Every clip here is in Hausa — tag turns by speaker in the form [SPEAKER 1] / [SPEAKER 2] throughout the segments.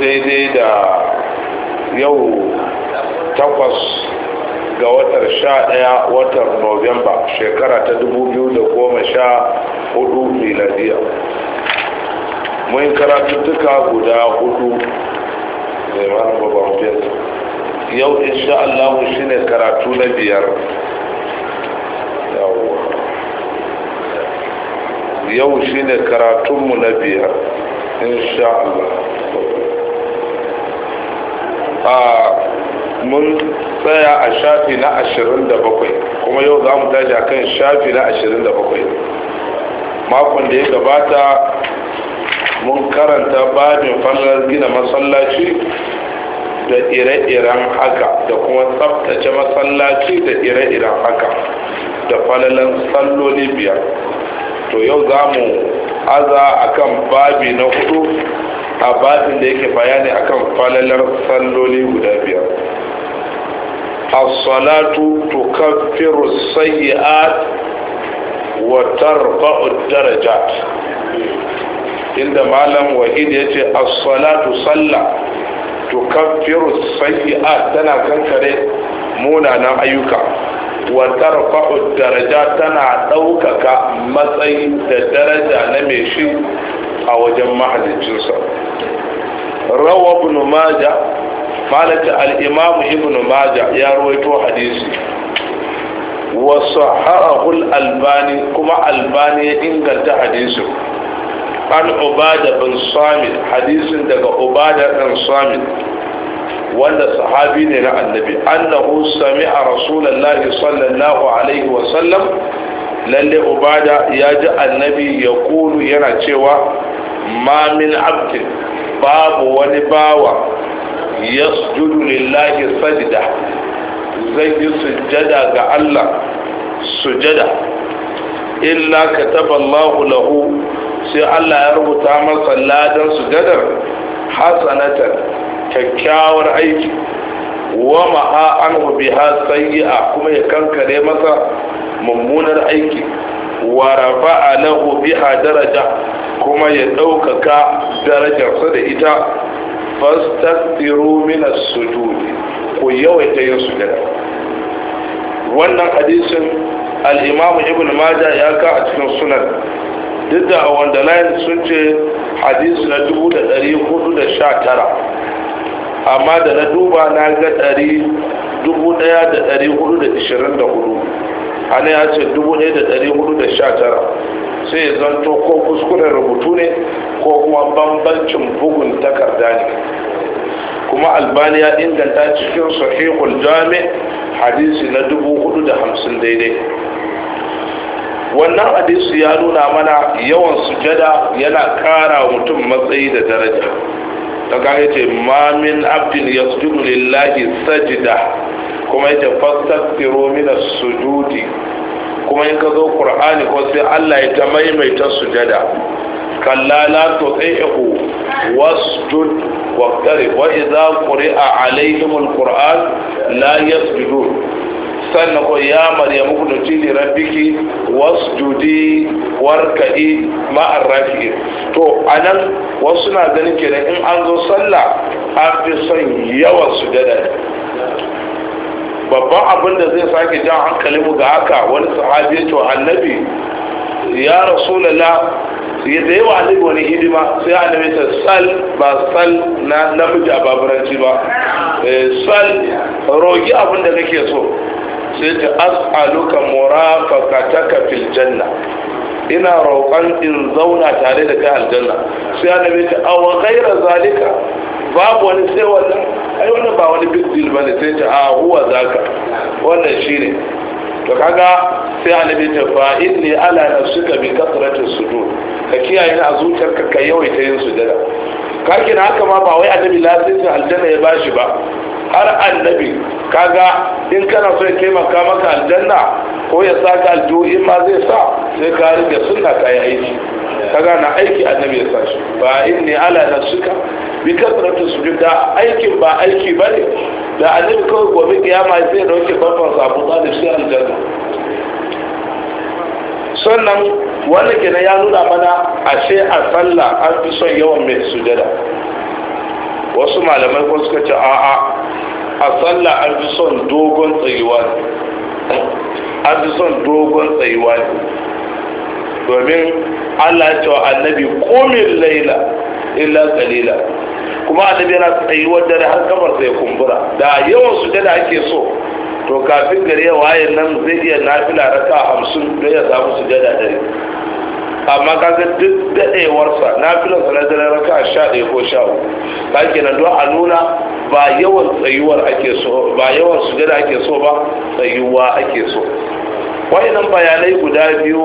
[SPEAKER 1] daidai da yau takwas ga watar sha daya watar novemba shekara ta dubu biyu da goma sha hudu miladiya mun karatuttuka guda hudu mai mara babban fesa yau insha Allah shi ne karatu na biyar yau shi ne karatunmu na biyar insha Allah mun tsaya a shafi na ashirin da bakwai kuma yau za mu tashi a kan shafi na ashirin da bakwai makon da ya gabata mun karanta babin fallar gina masallaci da ire-iren haka da kuma tsabtace masallaci da ire-iren haka da falalan salloli biyar to yau za mu aza akan babi na hudu a babin da yake bayani akan falalar salloli guda biyar as-salatu tukaffiru sayyi'at wa tarfa'u darajat inda malam wahid yace as-salatu salla tukaffiru sayyi'at tana kankare munanan ayyuka wa tarfa'u daraja tana ɗaukaka matsayi da daraja na mai shi a wajen mahaliccinsa rawa ibn maja al-imam ibn maja ya rawaito hadisi wa sahahahu al-albani kuma albani inganta hadisin an ubada bin samit hadisin daga ubada bin samit wanda sahabi ne na annabi annahu sami'a rasulullahi sallallahu alaihi wa sallam ubada ya ji annabi ya kulu yana cewa ma min abdin babu wani bawa yasjudu lillahi sajda zai yi sujada ga Allah sujada. illa kataba Allahu lahu sai Allah ya rubuta masa ladan sujjadar hasanatan kyakkyawar aiki wa ma'a anhu biha sayyi'a kuma ya kankare masa mummunar aiki wa rafa'a lahu biha daraja kuma ya ɗaukaka darajarsa da ita fastaghfiru min as-sujud ku yawaita yin sujada wannan hadisin al-imam ibn majah ya ka a cikin sunan duk da a wanda layin sun ce hadisi na 1419 amma da na duba na ga 1424 ana ya ce 1419 sai zanto ko kuskuren rubutu ne ko kuma bambancin bugun takarda ne kuma albani inganta cikin sahihul jami hadisi na 450 daidai wannan hadisi ya nuna mana yawan sujada yana kara mutum matsayi da daraja ta kare ce mamin abdin ya sujudu lillahi sajida kuma yace fastaghfiru min sujudi kuma in ka zo qur'ani ko sai Allah ya ta maimaita sujada kalla la tuti'hu wasjud waqtarib wa idza quri'a alaihim al la yasjudun sannan ko ya maryamu ku nuti li rabbiki wasjudi warka'i ma'ar rafi'in to anan wasu na ganin kenan in an zo sallah an fi son yawan sujada babban abin da zai sake jan hankalin mu ga haka wani sahabi ya ce annabi ya rasulullah ya da yawa annabi wani hidima sai annabi ta sal ba sal na namiji a baburanci ba eh, sal roƙi abin da kake so sai ta as'aluka murafaqataka fil janna ina roƙon in zauna tare da kai aljanna sai annabi ce aw ghayra zalika babu wani sai wannan ai wannan ba wani big deal ne sai ta a ah, huwa zaka wannan shi ne. to kaga sai annabi ta fa inni ala suka bi kasratis sujud ka kiyaye a zuciyarka ka yawaita yin sujada kake na haka ma ba wai annabi lasisin aljanna ya bashi ba har annabi kaga in kana so ya taimaka maka aljanna ko ya sa ka in ma zai sa sai ka rike sunna ka yi aiki kaga na aiki annabi ya sa shi ba inni ala nafsika bi kasratu sujuda da aikin ba aiki bane da annabi kawai gobe kiyama zai dauke babban sabu da shi aljanna sannan wannan kenan ya nuna mana a ce a sallah an fi son yawan mai sujada wasu malamai ko suka ce a'a a sallah an fi son dogon tsayuwa ne an fi son dogon tsayuwa ne domin allah cewa annabi komin laila illa kalila kuma annabi yana tsayuwar dare har kamar sai kumbura da yawan sujada ake so to kafin gari ya waye nan zai iya nafila raka hamsin don ya samu su jada dare, amma kaga duk daɗewarsa nafilarsa na dare raka sha ɗaya ko sha uku ke nan don a nuna ba yawan tsayuwar ake so ba yawan sujada ake so ba tsayuwa ake so wayannan bayanai guda biyu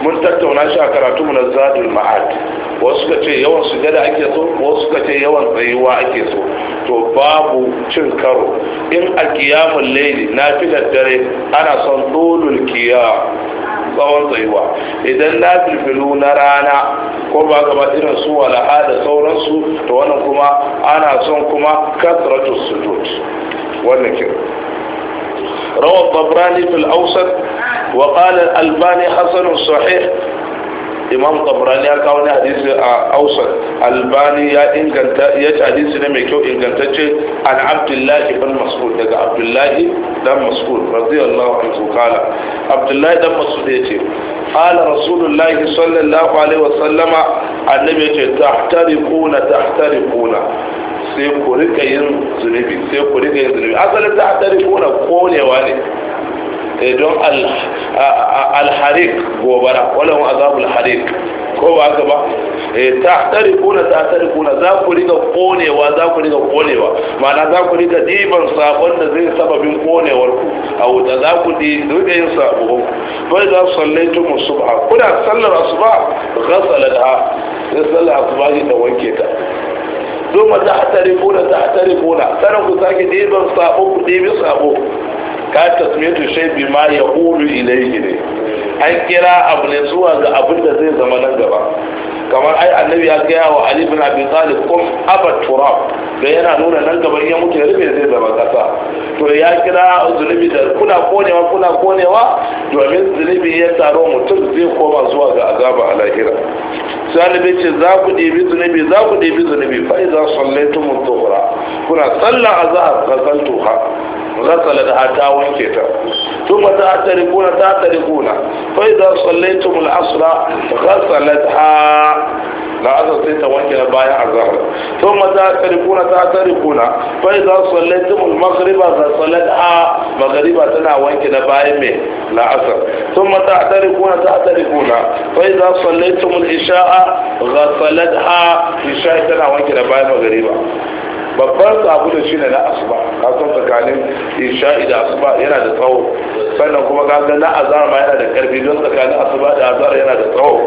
[SPEAKER 1] mun tattauna shi a karatu mu na zadul ma'ad wasu suka ce yawan sujada ake so wasu suka ce yawan tsayuwa ake so to babu cin karo in a kiyamul na fi dare ana son dolul kiyam tsawon tsayuwa idan na filfilu na rana ko ba gaba irin su wala'a da sauransu to wannan kuma ana son kuma kasratu sujud wannan kin روى الطبراني في وقال الألباني حسن صحيح imam tabrani ya kawo ne hadisi a ausat albani ya inganta ya ci hadisi ne mai kyau ingantacce an abdullahi ibn mas'ud daga abdullahi dan mas'ud radiyallahu anhu kala abdullahi dan mas'ud ya ce qala rasulullahi sallallahu alaihi wa sallama annabi ya ce tahtariquna tahtariquna sai ku rika yin zunubi sai ku rika yin zunubi asalin tahtariquna konewa ne Eh, don alharik gobara walahun azabul harik ko ba haka ba ta eh, tare kuna ta tare kuna za ku riga konewa za ku riga konewa mana za ku riga diban sabon da zai sababin konewar ku a wuta za ku riga yin sabon bai za su sallaitu musubha kuna sallar asuba ghasala da sai sallar ba ne da wanke ta duma ta tare kuna ta tare kuna sanan ku sake diban sabon ku dibi sabon ka tasmiyatu shay bi ma yaqulu ilayhi ne an kira abu ne zuwa ga abin da zai zama nan gaba kamar ai annabi ya kai wa ali bin abi talib kum aba turab da yana nuna nan gaba ya mutu rufe zai zama kasa to ya kira zunubi da kuna konewa kuna konewa domin zunubi ya taro mutum zai koma zuwa ga azaba a lahira salibi ce za ku ɗebi zunubi za ku ɗebi zunubi fa iza sallaitu mun zuhra kuna sallah a sallan azhar ka saltu ha da لها وكذا ثم تعترفون تعترفون فإذا صليتم العصر غسلتها لا العصر وكذا بايع الظهر ثم تعترفون تعترفون فإذا صليتم المغرب غسلتها مغربة وكذا بايع العصر ثم تعترفون تعترفون فإذا صليتم العشاء غسلتها عشاء وكذا بايع مغربة babban sabulun shine na asuba san tsakanin isha da asuba yana da tsawo sannan kuma kasan na azara ma yana da karfi don tsakanin asuba da azara yana da tsawo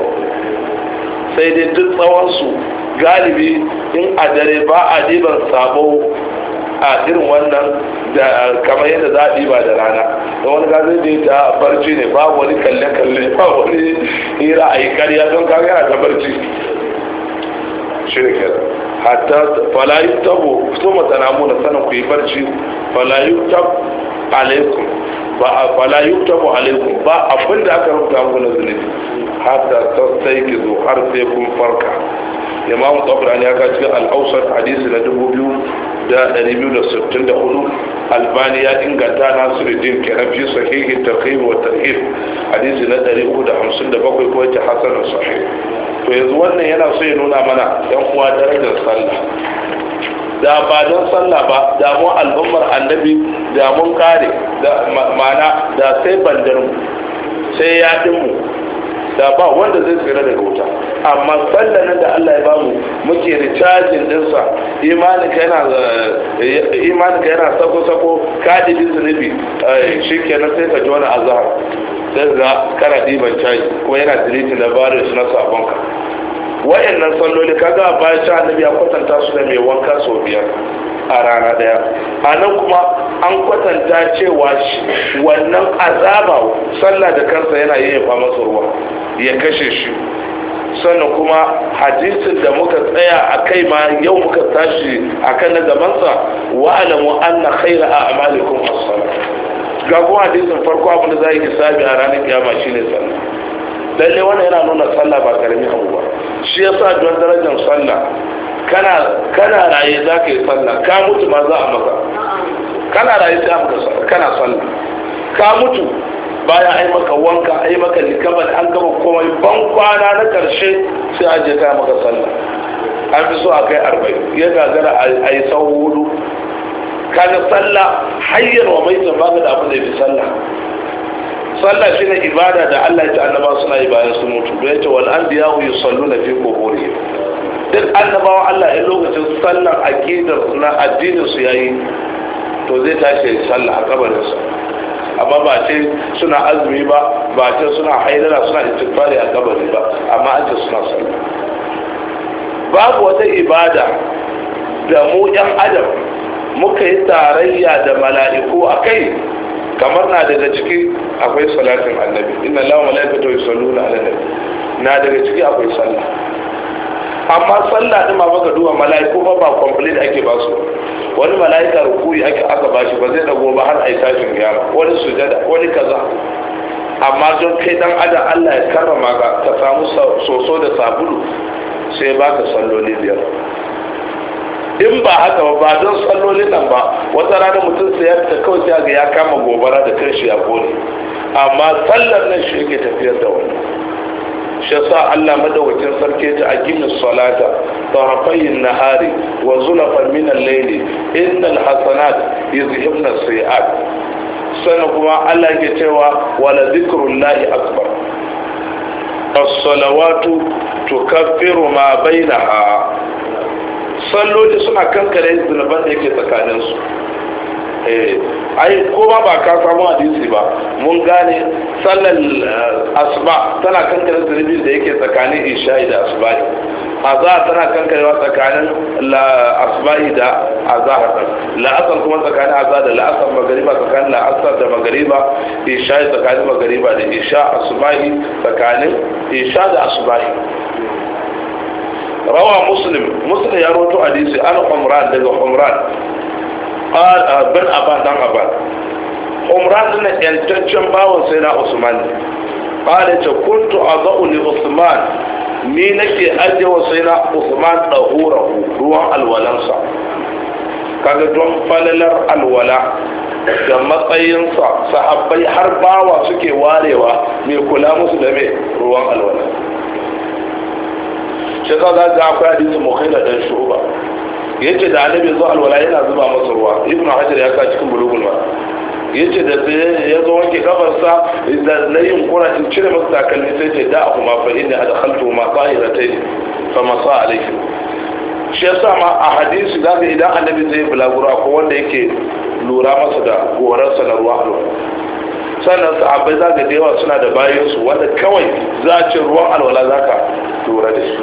[SPEAKER 1] sai dai duk tsawonsu galibi in a dare ba a diban sabo a irin wannan da kamar yadda za a ba da rana da wani gazin da ya barci ne ba wani kalle-kalle ba wani hira a yi karya don kawai yana ta barci shi ne hatta fala mata namu na sanan ku yi barci fala yuktab alaikum ba fala yuktabu alaikum ba abinda aka rubuta muku na zunubi hatta zo har sai kun farka imamu tabrani ya ka cikin al-awsat hadisi na 2264 albani ya inganta nasiruddin kenan fi sahihi tarhib wa tarhib hadisi na 357 ko ta hasan sahih to yanzu wannan yana so ya nuna mana yan uwa darajar sallah da ba don sallah ba damun al'ummar annabi damun kare da mana da sai bandarmu sai ya mu da ba wanda zai tsira daga wuta amma nan da Allah ya bamu muke recharging dinsa imaninka yana eh, imaninka yana sako sako kadidin zunubi eh, shikenan sai ka ji wani azhar sai ga kana ɗiban cayi kuma yana dilitin labarin su na sabonka wayannan salloli kaga bayan sha annabi ya kwatanta su da mai wanka sau biyar a rana daya a nan kuma an kwatanta cewa wannan azaba sallah da kansa yana yin fa masa ruwa ya kashe shi sannan kuma hadisin da muka tsaya a kai ma yau muka tashi a kan na gabansa wa'alamu alamu anna khaira a ga kuma hadisin farko abin da za yi hisabi a ranar kiyama shine sallah lalle wannan yana nuna sallah ba karamin abu ba shi sa don darajar sallah kana raye za ka yi sallah ka mutu ma za a maka kana raye sai maka sallah kana sallah ka mutu baya ai maka wanka ai maka likaban an gaba komai ban kwana na karshe sai aje ka maka sallah an fi so a kai arba'in ya gagara a yi sau hudu kaga sallah hayyar wa mai ba ka da abin da ya fi sallah sallah shi ne ibada da Allah ya ce annaba suna yi bayan su mutu da ya ce wal anbiya yusalluna fi quburihim duk annabawa Allah in lokacin sallar aqidar na addinin su yayi to zai tashi sallah a kabarin sa amma ba ce suna azumi ba ba ce suna haidara suna istighfari a kabari ba amma an ce suna sallah babu wata ibada da mu yan adam muka yi tarayya da mala'iku a kai kamar na daga ciki akwai salatin annabi inna lawa mala'ikatu yusalluna ala nabi na daga ciki akwai sallah amma sallah din ma baka duba mala'iku ba ba complete ake ba su wani mala'ika rukuyi ake aka ba shi ba zai dago ba har ai tashin kiyama wani sujada wani kaza amma don kai dan adam Allah ya karrama ka ka samu soso da sabulu sai baka salloli biyar in ba haka ba don sallolin nan ba wata rana mutum sai ya fita kawai ga ya kama gobara da kan shi ya kone amma sallar nan shi yake tafiyar da wani shi sa Allah madawacin sarki ta a gina salata na nahari wa zulafan minan laili innal hasanat yuzhibna sayiat sannan kuma Allah ke cewa wala zikrullahi akbar as-salawatu tukaffiru ma bainaha salloli suna kankare zunuban da yake tsakaninsu eh, ai ko ba ba ka samu hadisi ba mun gane sallar eh, asuba tana kankare zunubin da yake tsakanin isha'i da asuba azahar tana kankarewa tsakanin asbahi da azahar la'asar kuma tsakanin azahar da la'asar magariba tsakanin la'asar da magariba Isha'i tsakanin magariba da isha asbahi tsakanin isha da asbahi rawa muslim muslim ya roto hadisi an umran daga umran bin aban. dan abad umran na yantaccen bawon sai na usman qala ta kuntu adau li usman ni nake ajiye wa sai na usman dahurahu ruwan alwalansa kaga don falalar alwala da matsayinsa sahabbai har bawa suke warewa mai kula musu da mai ruwan alwala shi za za ga akwai hadisin mukhila dan shuba yace da annabi zuwa alwala yana zuba masa ruwa ibnu hajar ya sa cikin bulugul ma yace da ya zo wanke kafarsa da na kura in cire masa takalmi sai ce da abu ma fa inna adkhaltu ma qahiratay fa masa alayhi shi yasa ma a hadisi zaka idan annabi zai bulaguro ko wanda yake lura masa da gorarsa na ruwa sannan sahabbai za ga yawa suna da bayansu wanda kawai za ce ruwan alwala za ka tura da shi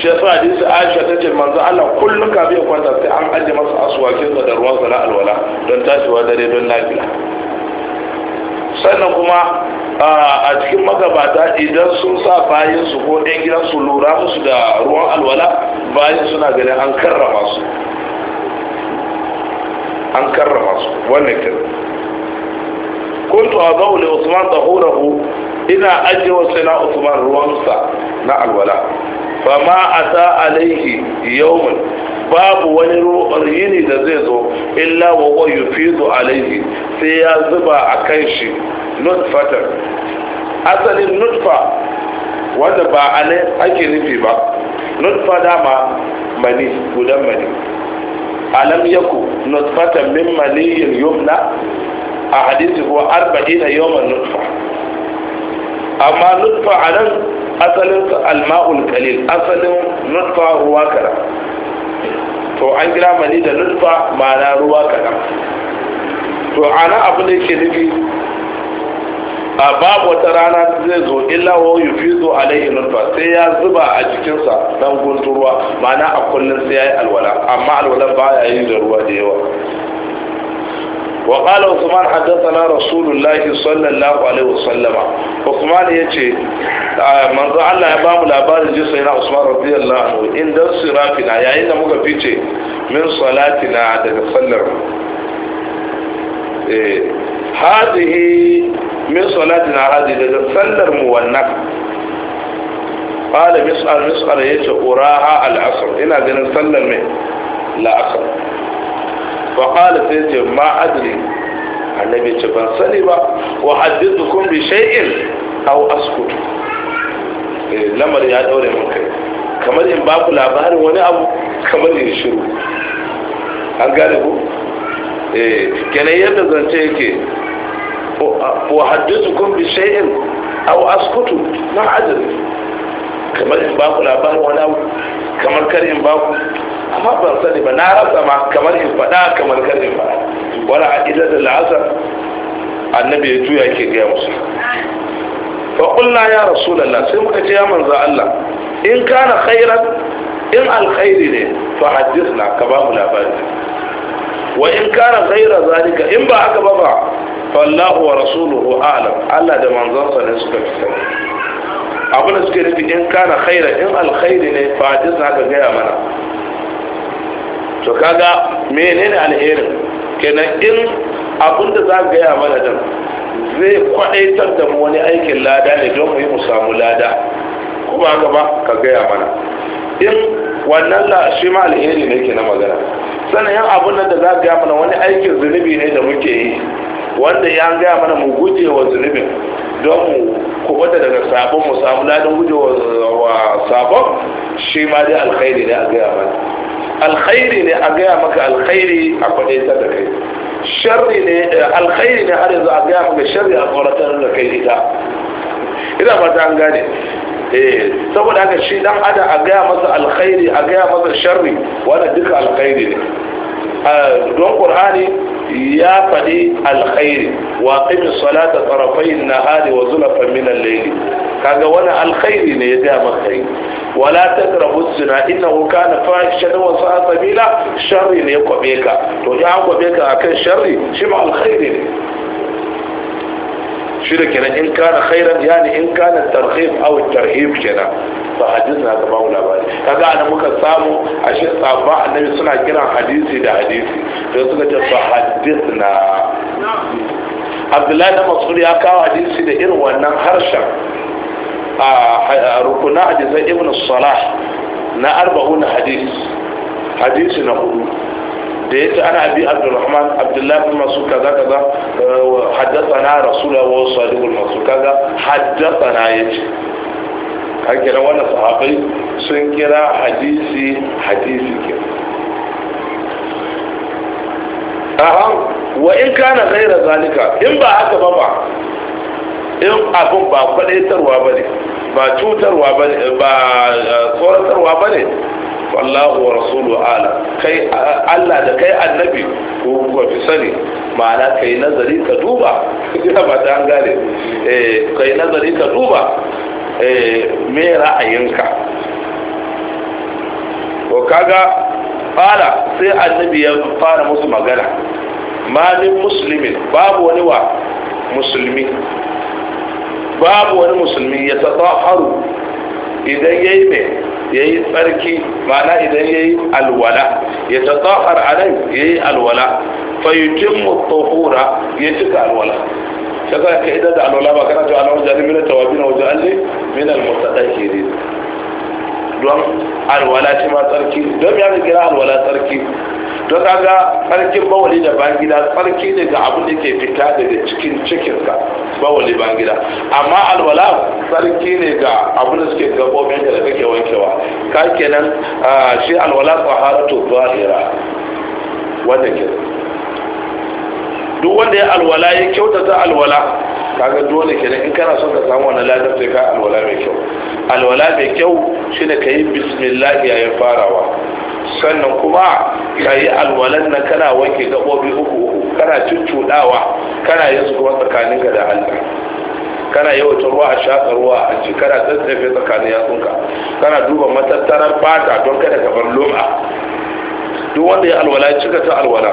[SPEAKER 1] shi yasa hadisi aisha ta ce manzo Allah kullum ka biya kwanta sai an aje masa aswakin da ruwan zara na alwala don tashiwa dare don lafiya sannan kuma a cikin magabata idan sun sa bayan su ko ɗan gidan su lura musu da ruwan alwala bayan suna ganin an karrama su an karrama su wannan kenan kuntu a zaune usman da horahu ina ajiye wasu na usman ruwansa na alwala ba ma a ta alaihi yawon babu wani yini da zai zo illa wa sai ya zuba a kan shi nutfatar asalin nutfa wanda ba a ne ake nufi ba nutfa dama mani gudan mani alam yaku nutfatan min maniyin yumna a hadisi ko arba'ina ma nutfa amma nutfa a nan asalin alma'ul kalil asalin nutfa ruwa kaɗan to an gina mani da nutfa ma'ana ruwa kaɗan to a nan abu da yake nufi a babu wata rana zai zo illa wa yi fi zo laihi nutfa sai ya zuba a jikinsa dan ruwa, ma'ana a kullum sai ya yi alwala amma alwala ba ya yi da ruwa da yawa وقال عثمان حدثنا رسول الله صلى الله عليه وسلم عثمان يجي من ذا الله يبام الأبار جسي عثمان رضي الله عنه إن در صرافنا يعني مكا فيتي من صلاتنا عدد صلر إيه. هذه من صلاتنا هذه عدد صلر مونك قال مسأل مسأل يجي أراها العصر إنا ذا صلر من لا أخر fa sai ce ma adri annabi ce ban sani ba wa kun bi shay'in aw askutu lamar ya daure mun kai kamar in baku labarin wani abu kamar in shiru an gane ku eh kenan yadda zance yake wa kun bi shay'in aw askutu ma adri kamar in baku labarin wani abu kamar kar in ba ku amma ban sani ba na rasa ma kamar in faɗa kamar kar in faɗa wani a ita da la'asar annabi ya juya ke gaya musu faƙulla ya rasu lalla sai muka ce ya manza Allah in kana khairan in alkhairi ne fa hadis na ka ba mu labari wa in kana ghaira zalika in ba aka ba ba fallahu wa rasuluhu a'lam Allah da manzansa ne suka fi sani abin da suke nufi in kana khaira in alkhairi ne fa za ka gaya mana to kaga menene alherin kenan in abin da za ka gaya mana din zai kwadaitar da mu wani aikin lada ne don mu yi mu samu lada kuma haka ba ka gaya mana in wannan la shi ma alheri ne ke na magana sannan yan abin da za ka gaya mana wani aikin zunubi ne da muke yi wanda ya gaya mana mu guje wa zunubin don mu kubata daga sabon mu samu ladan guje wa sabon shi ma dai alkhairi ne a gaya mana alkhairi ne a gaya maka alkhairi a kwaɗe ta da kai sharri ne eh, alkhairi ne har yanzu a gaya maka sharri a tsoratar da kai ita ina ba ta gane eh, saboda haka shi dan ada a gaya masa alkhairi a gaya masa sharri wannan duka alkhairi ne don ƙur'ani ya faɗi alkhairi wa qimis salata na nahari wa zulafan min al kaga wani alkhairi ne ya ga maka yi wala taqrabu zina innahu na fahishatan wa sa'a sabila sharri ne ya kwabe ka to ya an kwabe ka akan sharri shi ma alkhairi ne shi da kenan in kana khairan yani in kana tarhib aw tarhib kenan ba hadisi na gaba mu labari kaga ana muka samu ashe sabba annabi suna kiran hadisi da hadisi to suka ce fa hadithna abdullahi da mas'ud ya kawo hadisi da irin wannan harshen a rukuna hadisan ibn salah na arba'un hadis hadisi na hudu da ya ci ana abi abdurrahman abdullahi bin mas'ud kaza kaza haddathana rasulullah wa sadiqul mas'ud kaza ya ce. an kira wannan sahabai sun kira hadisi hadisi ke aha wa in kana ghaira zalika in ba haka ba ba in abin ba kwadaitarwa ba ne ba cutarwa ba ne eh, ba tsoratarwa ba ne Allah wa rasulu ala kai Allah da kai annabi ko ku fi sani ma'ana kai nazari ka duba ina ba ta gane eh kai nazari ka duba eh me ra'ayinka ko kaga fara sai annabi ya fara musu magana ma min muslimin babu wani wa musulmi babu wani musulmi ya tsaharu idan yayi mai ya yi tsarki mana idan ya yi alwala ya ta tsahar alai ya yi alwala fayyutin mutahura ya cika alwala shaka ka idan da alwala ba kana to alwala jami'in tawabi na wajen alle min al-mutadakhirin don alwala ce ma tsarki don ya ga kira alwala tsarki don kaga tsarkin bawali da bangida tsarki ne ga abin da ke fita daga cikin cikinka bawali bangida amma alwala tsarki ne ga abin da suke gabobin da kake wankewa ka kenan shi alwala tsaharatu zahira wanda ke duk wanda ya alwala ya kyautata alwala kaga dole kenan in kana son ka samu wannan ladar sai ka alwala mai kyau alwala mai kyau shine ka yi bismillah yayin farawa sannan kuma ka yi alwalan nan kana wanke gaɓoɓi uku uku kana cuccuɗawa kana yin su kuma tsakaninka da allah kana wata ruwa a shaƙa ruwa a ci kana tsatsefe tsakanin yatsunka kana duba matattarar fata don kada ka bar lum'a duk wanda ya alwala cika ta alwala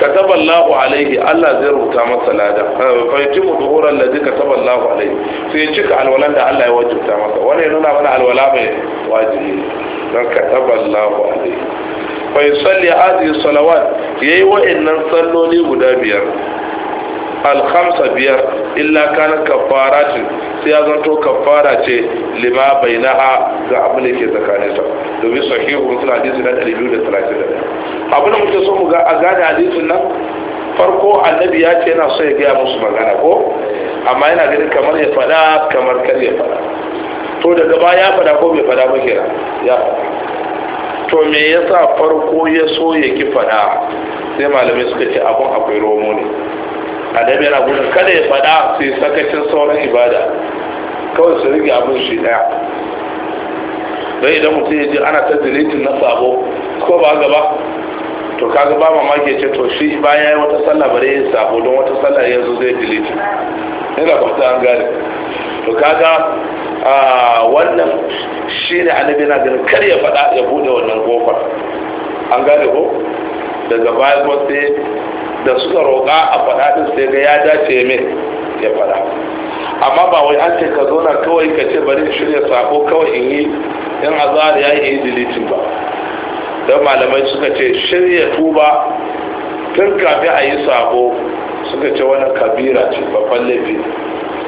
[SPEAKER 1] kataba Allahu alaihi Allah zai rubuta masa lada eh, fa yutimu duhura allazi kataba Allahu alaihi sai ya cika alwalan da Allah ya wajibta masa wani ya nuna mana alwala mai wajibi dan kataba Allahu alaihi fa yusalli salawat yayi wa'annan salloli guda biyar alhamsa biyar illa kanin kafaratin sai ya zanto kafara ce lima bai na'a ga abin da ke tsakaninsa domin sahihu musul hadisi na 231 abin da muke so mu ga a gane hadisin nan farko annabi ya ce yana so ya gaya musu magana ko amma yana ganin kamar ya fada kamar kar ya fada to daga baya ya fada ko bai fada ba kira ya to me yasa farko ya so ya ki fada sai malamai suka ce abun akwai romo ne adam yana gudun kada ya fada sai sakacin sauran ibada kawai su rige abin shi daya don idan mutum ya ji ana ta dilitin na sabo ko ba gaba to kaga ba mamaki ce to shi bayan ya wata sallah bare ya sabo don wata sallah yanzu zai ne ga kwata an gane to kaga wannan shi ne annabi yana ganin kar ya fada ya bude wannan kofar an gane ko daga baya ko sai da suka roƙa a faɗa din sai ga ya dace mai ya faɗa amma ba wai an ce ka zo na kawai ka ce bari in shirya sako kawai in yi in azhar ya yi dilitin ba don malamai suka ce shirya tuba tun kafin a yi sako suka ce wani kabira ce babban laifi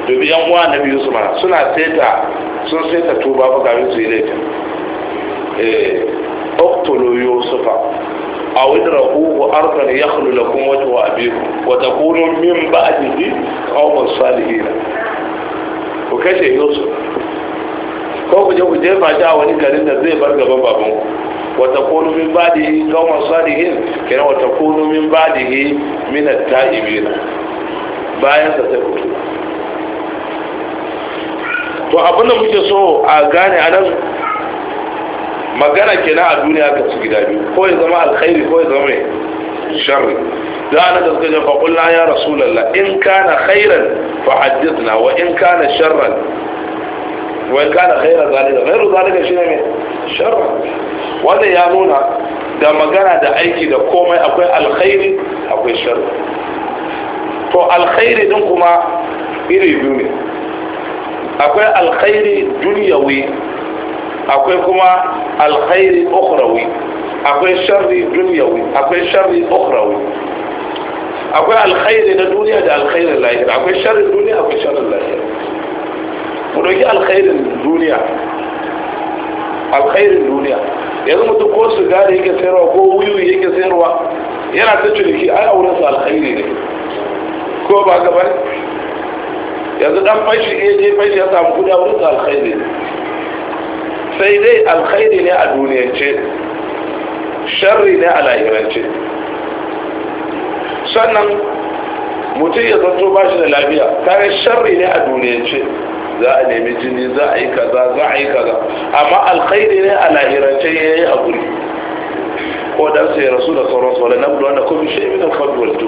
[SPEAKER 1] dubi yan uwa na biyu su suna saita sun saita tuba ba kafin su yi laifin eh, oktolo yusufa أو ادركوه أرضا يخل لكم وجه أبيكم وتكونوا من بعده قوم صالحين وكشف يوسف ko ku je ku jefa shi a wani garin da zai bar gaban baban ku wata kunu min badihi qauman salihin kenan wata min bayan sa sai to abinda muke so a gane anan magana kenan a duniya ka su gida biyu ko ya zama alkhairi ko ya zama mai sharri da ana da suka ce fa kullu ya rasulullah in kana khairan fa hadithna wa in kana sharran wa in kana khairan zalika khairu zalika ne mai sharri wanda ya nuna da magana da aiki da komai akwai alkhairi akwai sharri to alkhairi din kuma iri biyu ne akwai alkhairi dunyawi akwai kuma alkhairi ukhrawi akwai sharri dunyawi akwai sharri ukhrawi akwai alkhairi na duniya da alkhairin lahira akwai sharri duniya akwai sharri lahira mu dauki alkhairin duniya alkhairin duniya yanzu mutum ko sigari yake sayarwa ko wuyu yake sayarwa yana ta ciniki ai auren su alkhairi ne ko ba gaba yanzu dan fashi ya eh, je fashi ya samu kudi auren su alkhairi ne sai dai alkhairi ne a duniyance sharri ne a lahirance sannan mutum ya zanto ba shi da lafiya kare sharri ne a duniyance za a nemi jini za a yi kaza za a yi kaza amma alkhairi ne a lahirance ya yi a haƙuri ko dan sai rasu da sauransu wala nabdu wanda kuma shi ibn al-fadl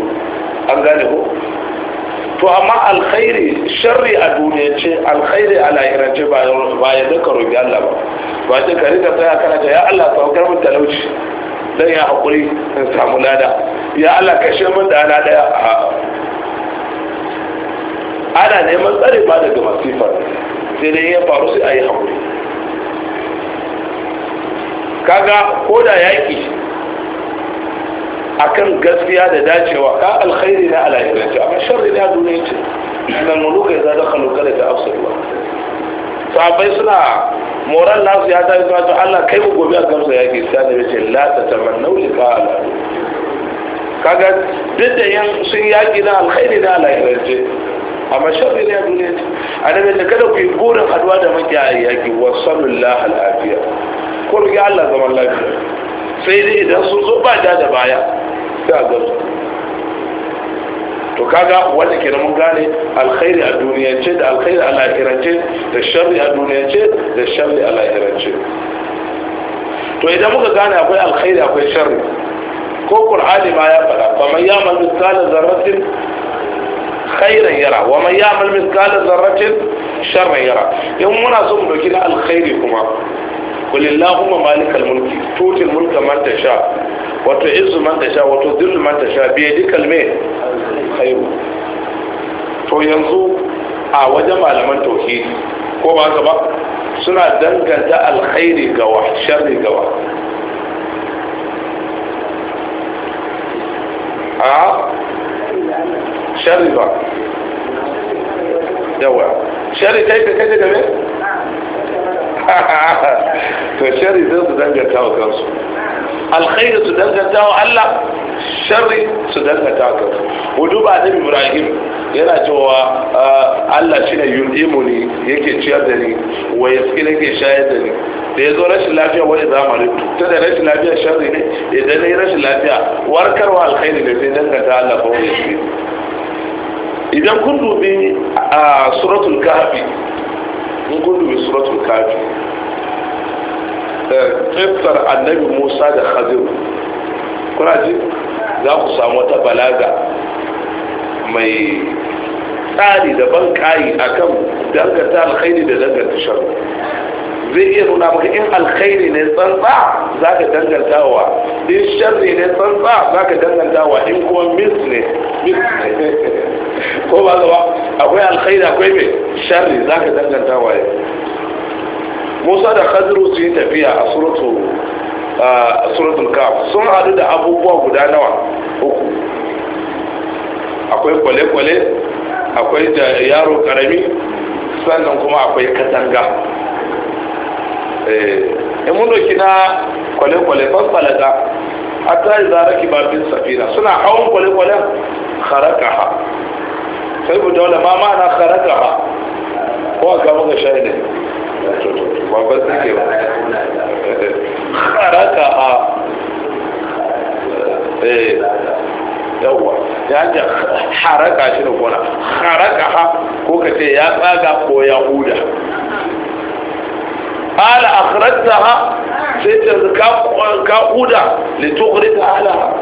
[SPEAKER 1] an gane ko to amma alkhairi sharri a duniya ce alkhairi a lahirance ba ya zaka roƙi Allah ba ba ce ka rika tsaya kana ta ya Allah hukar mun talauci dan ya haƙuri in samu lada ya Allah kashe min da ana daya ana neman tsare ba daga masifar sai dai ya faru sai a yi haƙuri kaga ko da yaƙi akan gaskiya da dacewa ka alkhairi na alayyarci amma sharri na duniya ce nan muluka ya zaɗa kanuka da ta afsarwa sahabbai suna moral nasu ya ta yi to Allah kai ku gobe a gamsa yaki sai da ce la ta tamannau liqa ala kaga duk da yan sun yaki na alkhairi na alayyarci amma sharri na a duniya ce annabi da kada ku yi burin haduwa da makiya yaki wa sallallahu alafiya ko ga Allah zaman lafiya sai dai idan sun zo ba da baya sai a gansu to kaga wanda ke mun gane alkhairi a duniyance da alkhairi a lahirance da sharri a duniyance da sharri a lahirance to idan muka gane akwai alkhairi akwai sharri ko qur'ani ma ya faɗa fa man ya'mal mithqala dharratin khairan yara wa man ya'mal mithqala dharratin sharran yara in muna so mu dauki na alkhairi kuma kulillahumma malikal mulki tutil mulka man tasha wa tu'izzu man tasha wa tudhillu man tasha bi yadikal mai khairu to yanzu a wajen malaman tauhid ko ba ka ba suna danganta alkhairi ga wa sharri ga wa a sharri ba yawa sharri kai kai kai da me? to sharri zai su danganta wa kansu alkhairi su danganta wa Allah sharri su danganta wa kansu wudu ba da Ibrahim yana cewa ah, Allah shi ne yunimu ne yake ciyar da ni wa ya yaski nake shayar da ni da ya zo rashin lafiya wani zamani ta da rashin lafiya sharri ne idan ne rashin lafiya warkarwa alkhairi ne sai danganta Allah ko wani idan kun dubi a ah, suratul kahfi in kun dubi suratul kafi eh, tsiftar annabi musa da khadiru kuna za ku samu wata balaga mai tsari da ban kayi akan dangata alkhairi da dangata sharri zai iya nuna maka in alkhairi ne tsantsa za ka dangantawa in sharri ne tsantsa za ka dangantawa in kuma mis ne ko ba zaba akwai alkhairi akwai mai sharri za ka dangantawa ya musa da khadru su yi tafiya a suratul kaf sun haɗu da abubuwa guda nawa uku akwai kwale-kwale akwai yaro karami sannan kuma akwai katanga Eh, in kina doki na kwale-kwale fanfalaga hatta yi zaraki babin safina suna hawan kwale-kwale kharaka ha sai bu dole ma ma na kharaka ha ko ga mun ga shayi ba babban suke ba kharaka ha eh yawa ya ja kharaka shi ne kona kharaka ha ko kace ya tsaga ko ya huda قال أخرجتها سيتر كاقودة لتغرق أهلها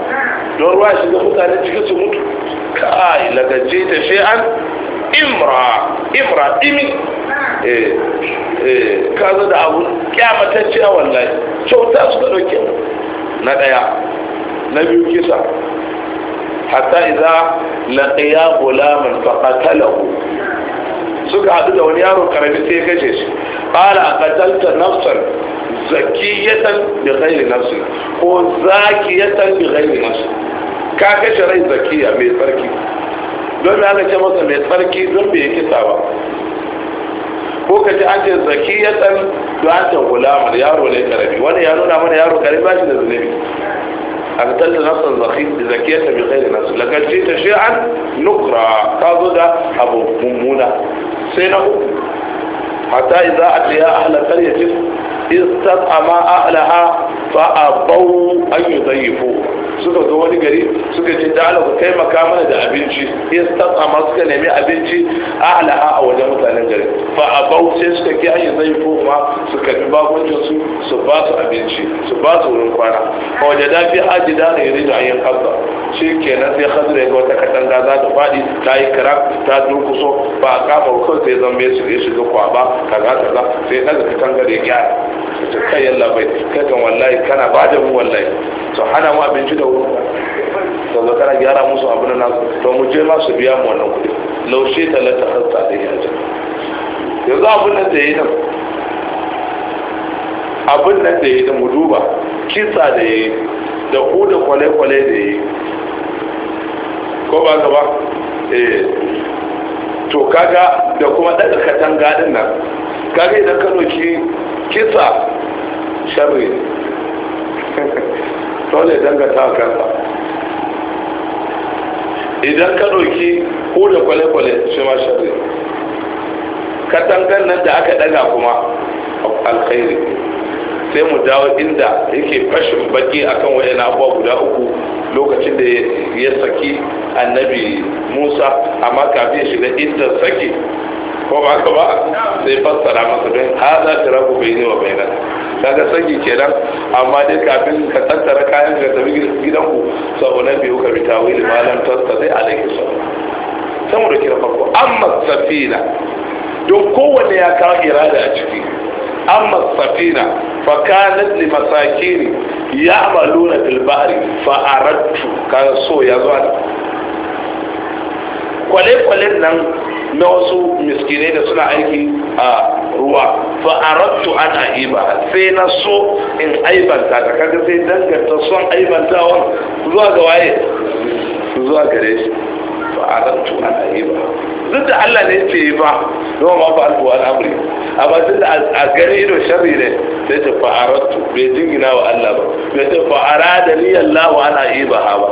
[SPEAKER 1] يروى شيء خذ على تلك سموت كاي لقد جئت شيئا امرأة امرأة إمي eh eh kazo da abu kyamatacciya wallahi kyauta suka dauke na daya na biyu kisa hatta idza laqiya gulaman suka haɗu da wani yaro karami sai ya kashe shi qala qatalta nafsan zakiyatan bi ghairi nafsi ko zakiyatan bi ghairi nafsi ka kashe rai zakiya mai tsarki don me aka ce masa mai tsarki don bai kisa ba ko ka ji an ce zakiyatan don an ta gulamar yaro ne karami wani ya nuna mana yaro karami ba shi da zunubi أبدلت نفسا بذكية بغير نفس لقد جئت شيئا نقرأ كاظو ده أبو ممونة سينه حتى إذا أتيها أهل قرية istat ama ahlaha fa abau an yuzayifu suka zo wani gari suka ce da Allah ku taimaka mana da abinci istat ama suka nemi abinci ahlaha a wajen mutanen gari fa abau sai suka ki an yuzayifu ma suka bi bakuncin su su ba su abinci su ba su wurin kwana fa wajada fi ajida ne da an kasa shi kenan sai khadra ga wata katanga za ta fadi ta yi karak ta durkuso ba a kama kawai sai zan mai su ya shiga kwaba kaza kaza sai daga katanga da ya gyara ta kai yalla bai kai kan wallahi kana ba da mu wallahi to hana mu abinci da wuri to zo kana gyara musu abin nan to mu je ma su biya mu wannan kuɗi laushe ta lata hasta da yaji yanzu abin nan da yayi nan abin nan da yayi da mu duba kisa da yayi da ku da kwale-kwale da yayi ko ba ka ba eh to kaga da kuma daga katanga din nan kaga idan ka doki kisa sharri danga ta kansa idan ka doki hula kwale-kwale shi ma sharri katangar nan da aka daga kuma alkhairi sai mu dawo inda yake fashin baki akan na abuwa guda uku lokacin da ya saki annabi musa amma kafin shiga inda saki ko ba ka ba sai fassara masa don haza ta rabu bai ne wa bai nan kaga saki kenan amma dai kafin ka tattara kayan ka tafi gidan ku sabo na biyu ka bi tawili malam tattare alaihi sallam sai mu da kira farko amma safina don kowanne ya kawo irada a ciki أما السفينة فكانت لمساكين يعملون في البحر فأردت كان يزوان kwale-kwalen nan na wasu miskinai da suna aiki a ruwa fa arattu an aiba sai na so in aibanta ta kaga sai danganta son aibantawan zuwa ga waye zuwa gare shi fa arattu an ayiba duk da Allah ne ce yi ba don ma ba alfu an amri amma duk da a gare ido sharri ne sai ta fa bai jingina wa Allah ba bai ta fa arada ni Allah wa ana ayiba ha ba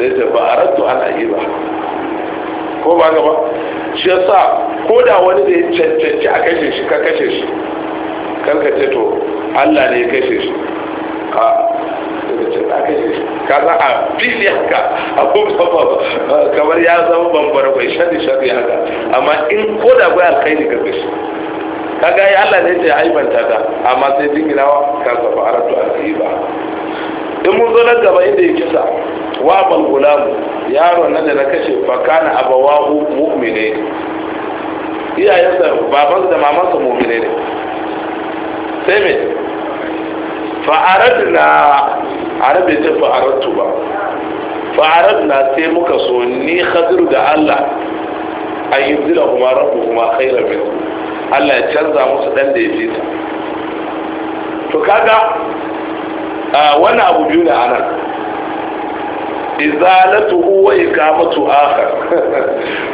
[SPEAKER 1] sai ta fa ana an ba ko ba ba shi yasa ko da wani da ya cancanci a kashe shi ka kashe shi karka ce to Allah ne ya kashe shi ha daga ce aka yi ka za a fili haka abubuwa kamar ya zama bambara bai shaɗi shaɗi haka amma in ko da bai ne ka gashi ka ga Allah ne ce aibanta ta amma sai jinginawa ka zafa aratu ba in mun zo nan gaba inda ya kisa wa bal mu yaron nan da na kashe fa kana abawahu mu'mine iyayensa babansa da mamansa mu'mine ne sai me na, arabe ta fa'aradtu ba na sai muka so ni khadiru da Allah a yi zira kuma rabu kuma kaira min Allah ya canza musu dan da ya fi ta to kaga wani abu biyu da anan izalatu huwa ikamatu akhar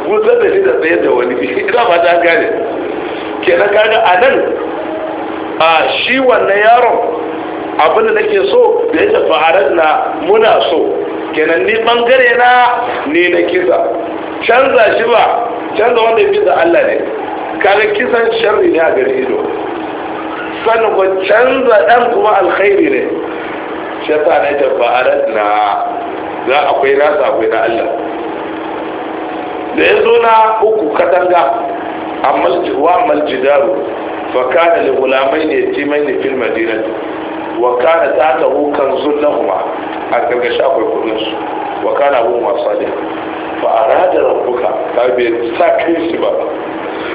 [SPEAKER 1] san da shi da tsaye da wani ina ba ta gane kenan kaga anan a shi wannan yaron abin da nake so da yake fa'arar na muna so kenan ni bangare na ne na kisa canza shi ba canza wanda ya fi da Allah ne kaga kisan sharri ne a gari ido sannan ko canza dan kuma alkhairi ne shi ta ne ta fa'arar na za akwai nasa akwai na Allah da ya zo na uku katanga a maljidaru fa kana li ne yatimaini fil madinati wa kana tatahu kanzun lahuma a gargashi akwai su wa kana wasa ne fa arada rabbuka ka bai sa kai shi ba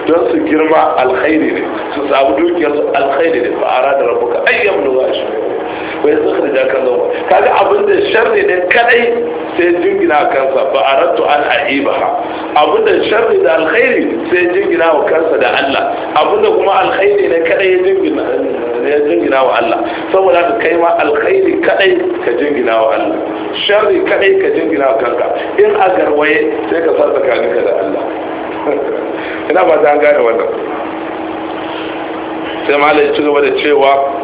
[SPEAKER 1] don su girma alkhairi ne su dukiyar su alkhairi ne ya zuhri da kan zama kaga abin da sharri ne kadai sai jingina kansa ba arattu an ba abin da sharri da alkhairi sai jingina wa kansa da Allah abin da kuma alkhairi ne kadai ya jingina ya jingina wa Allah saboda ka kai ma alkhairi kadai ka jingina wa Allah sharri kadai ka jingina wa kanka in a garwaye sai ka sarka kanka da Allah ina ba ta gane wannan sai malai ci gaba da cewa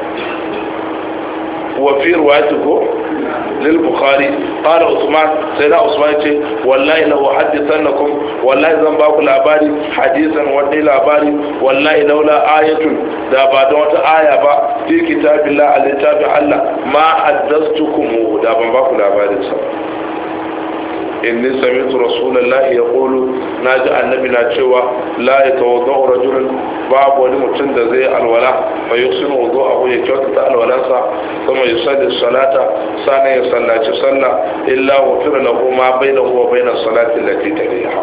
[SPEAKER 1] وفي روايته للبخاري قال عثمان سيدنا عثمان يقول والله لو حدثنكم والله زن باكو لاباري حديثا ودي لاباري والله لولا آية دا بعد وقت آية با في كتاب الله على كتاب الله ما حدثتكم دا باكو لاباري صلى الله inni sami'tu rasulullahi yaqulu naji annabi na cewa la yatawadda'u rajulun babu wani mutum da zai alwala fa yusinu wudu'ahu ya kyautata alwalansa kuma ya yusalli salata Sani ya sallaci sallah illa wufira bai ma bainahu wa bainas salati allati taliha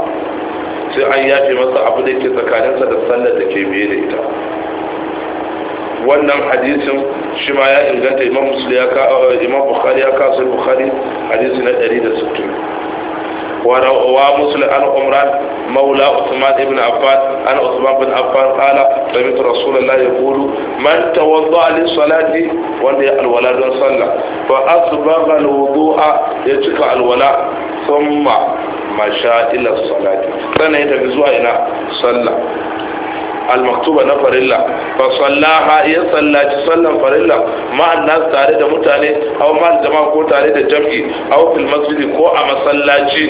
[SPEAKER 1] sai an yafe masa abu da ke tsakaninsa da sallar da ke biye da ita wannan hadisin shi ma ya inganta imam bukhari ya kasu bukhari hadisi na 160 وروى مسلم عن عمران مولى عثمان بن عفان عن عثمان بن عفان قال سمعت رسول الله يقول من توضا للصلاه ولي الولاء دون صلى فاصبغ الوضوء يتكى الولاء ثم مشى الى الصلاه سنه يتبي زوا الى صلى al-maktuba na farilla fa sallaha ya sallaci sallan farilla ma'an annas tare da mutane aw ma'an jama'a ko tare da jam'i aw fil masjidi ko a masallaci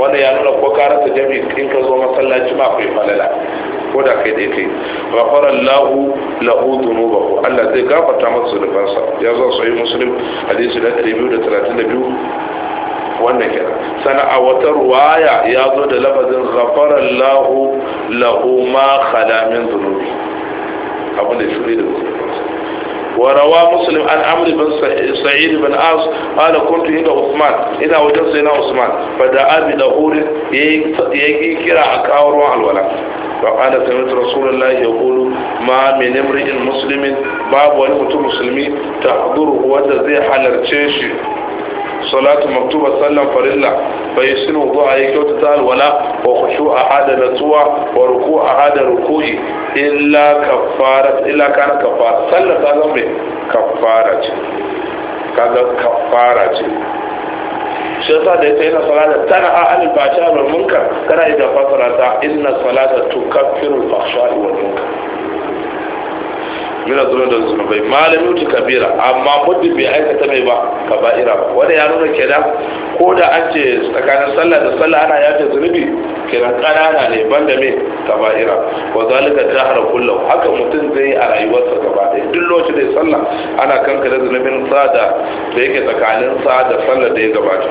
[SPEAKER 1] wanda ya nuna ko ka rasa jam'i in ka zo masallaci ma kai falala ko da kai dai kai ghafara Allahu lahu dhunubahu Allah zai gafarta masa zunubansa ya zo sahih muslim hadisi na 232 wannan kenan sana'a wata ruwaya ya zo da lafazin ghafarar lahu lahu ma khalamin zunubi abin da shuri da zunubi warawa muslim an amri bin sa'id bin usman ila wajen sai na usman fada abi da hurin ya yi a kawar ruwan alwala ba a da sami ma min imri'in muslimin babu wani mutum musulmi ta zuru wanda zai halarce shi صلاه مكتوبه صلى الله فرض لا فيسن وضوء اي كتال ولا وخشوع احد نسوا وركوع احد ركوعي الا كفاره الا كان كفاره صلى ذنب كفاره كذا كفاره شيخ هذا سيدنا صلى الله عليه وسلم ترى اهل الباشا والمنكر ترى اذا فصلت ان الصلاه تكفر الفحشاء والمنكر yana zuwa da zunubai malam yuti kabira amma muddin bai aikata mai ba ka ba'ira ba wanda ya nuna kenan ko da an ce tsakanin sallah da sallah ana yafe zunubi kenan ƙanana ne banda me ka ba'ira wa zalika kullum haka mutum zai yi a rayuwarsa gaba ɗaya duk lokacin da ya sallah ana kankare zunubin sa da da yake tsakanin sa da sallah da ya gabata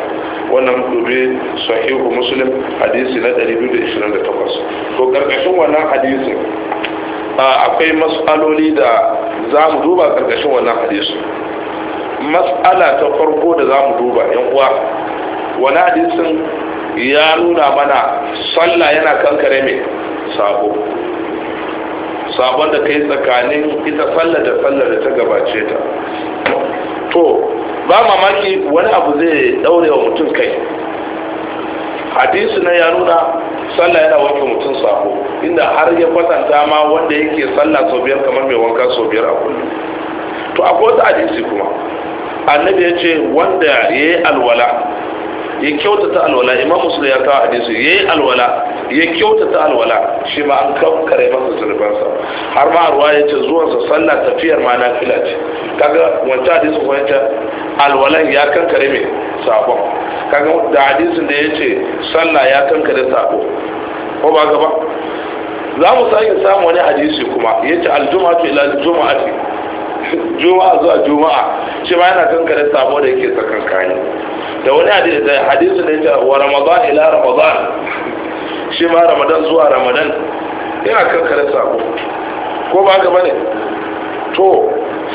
[SPEAKER 1] wannan dubi sahihu muslim hadisi na 228 to karkashin wannan hadisin akwai mas'aloli da za mu duba karkashin wannan hadisi mas'ala ta farko da za mu duba yan uwa wani hadisin ya nuna mana sallah yana kankare mai sabo sabon da kai tsakanin ita sallar da sallar da ta gabace ta to ba mamaki wani abu zai daure wa mutum kai hadisi na ya nuna sallah yana wanke mutum sako inda har ya kwatanta ma wanda yake sallah sau biyar kamar mai wanka sau biyar a kullum to akwai wata hadisi kuma annabi ya ce wanda ya yi alwala ya kyautata alwala imam musul ya kawo hadisi ya yi alwala ya kyautata alwala shi ma an kare masa zurbansa har ma ruwa ya ce zuwansa sallah tafiyar ma na fila ce kaga wancan hadisin ta alwalan ya kankare mai sabon kaga da hadisin da ya ce sallah ya kankare sabo ko ba gaba za mu sake samu wani hadisi kuma ya ce aljumatu ila aljuma'ati juma'a zuwa juma'a shi ma yana kankare samu da yake sakan kayan da wani hadisi da hadisi da yake wa ramadan ila ramadan shi ma ramadan zuwa ramadan yana kankare samu ko ba haka bane to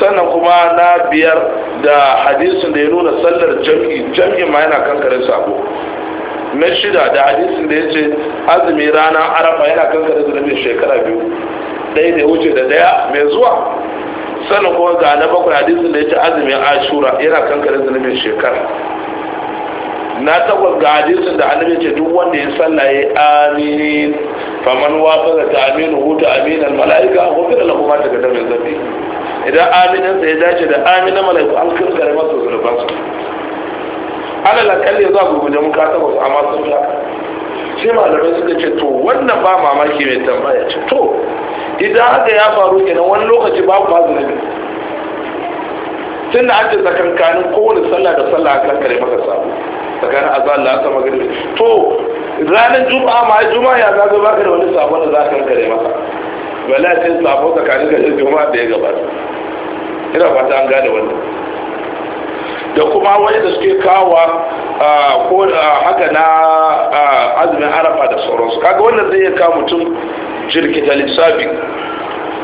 [SPEAKER 1] sannan kuma na biyar da hadisin da ya nuna sallar jam'i jam'i ma yana kankare samu na shida da hadisin da ya ce azumi rana arafa yana kankare zunubin shekara biyu ɗaya da wuce da ɗaya mai zuwa sannan kuma ga na bakwai hadisin da ya ce azumin ashura yana kankare zunubin shekara na takwas ga hadisin da annabi ce duk wanda ya ya amin faman wafaza ta aminu hutu aminan mala'ika hukun da kuma ta gada mai zafi idan aminin sai ya dace da aminan mala'iku an kankare masa zunubansu alal akalli za ku guje muka takwas amma sun fi haka sai malamai suka ce to wannan ba mamaki mai tambaya ce to idan haka ya faru kenan wani lokaci babu ma ne tun da ake ce tsakankanin kowane sallah da sallah a kan kare maka sabu tsakanin a zalla ta magana to ranar juma'a ma juma'a ya zaga baka da wani sabon da za ka kare maka bala ce sabon tsakanin kare juma'a da ya gabata ina fata an gane wannan da kuma wani da suke kawa ko haka na azumin arafa da sauransu kaga wannan zai iya kawo mutum jirkita lissafi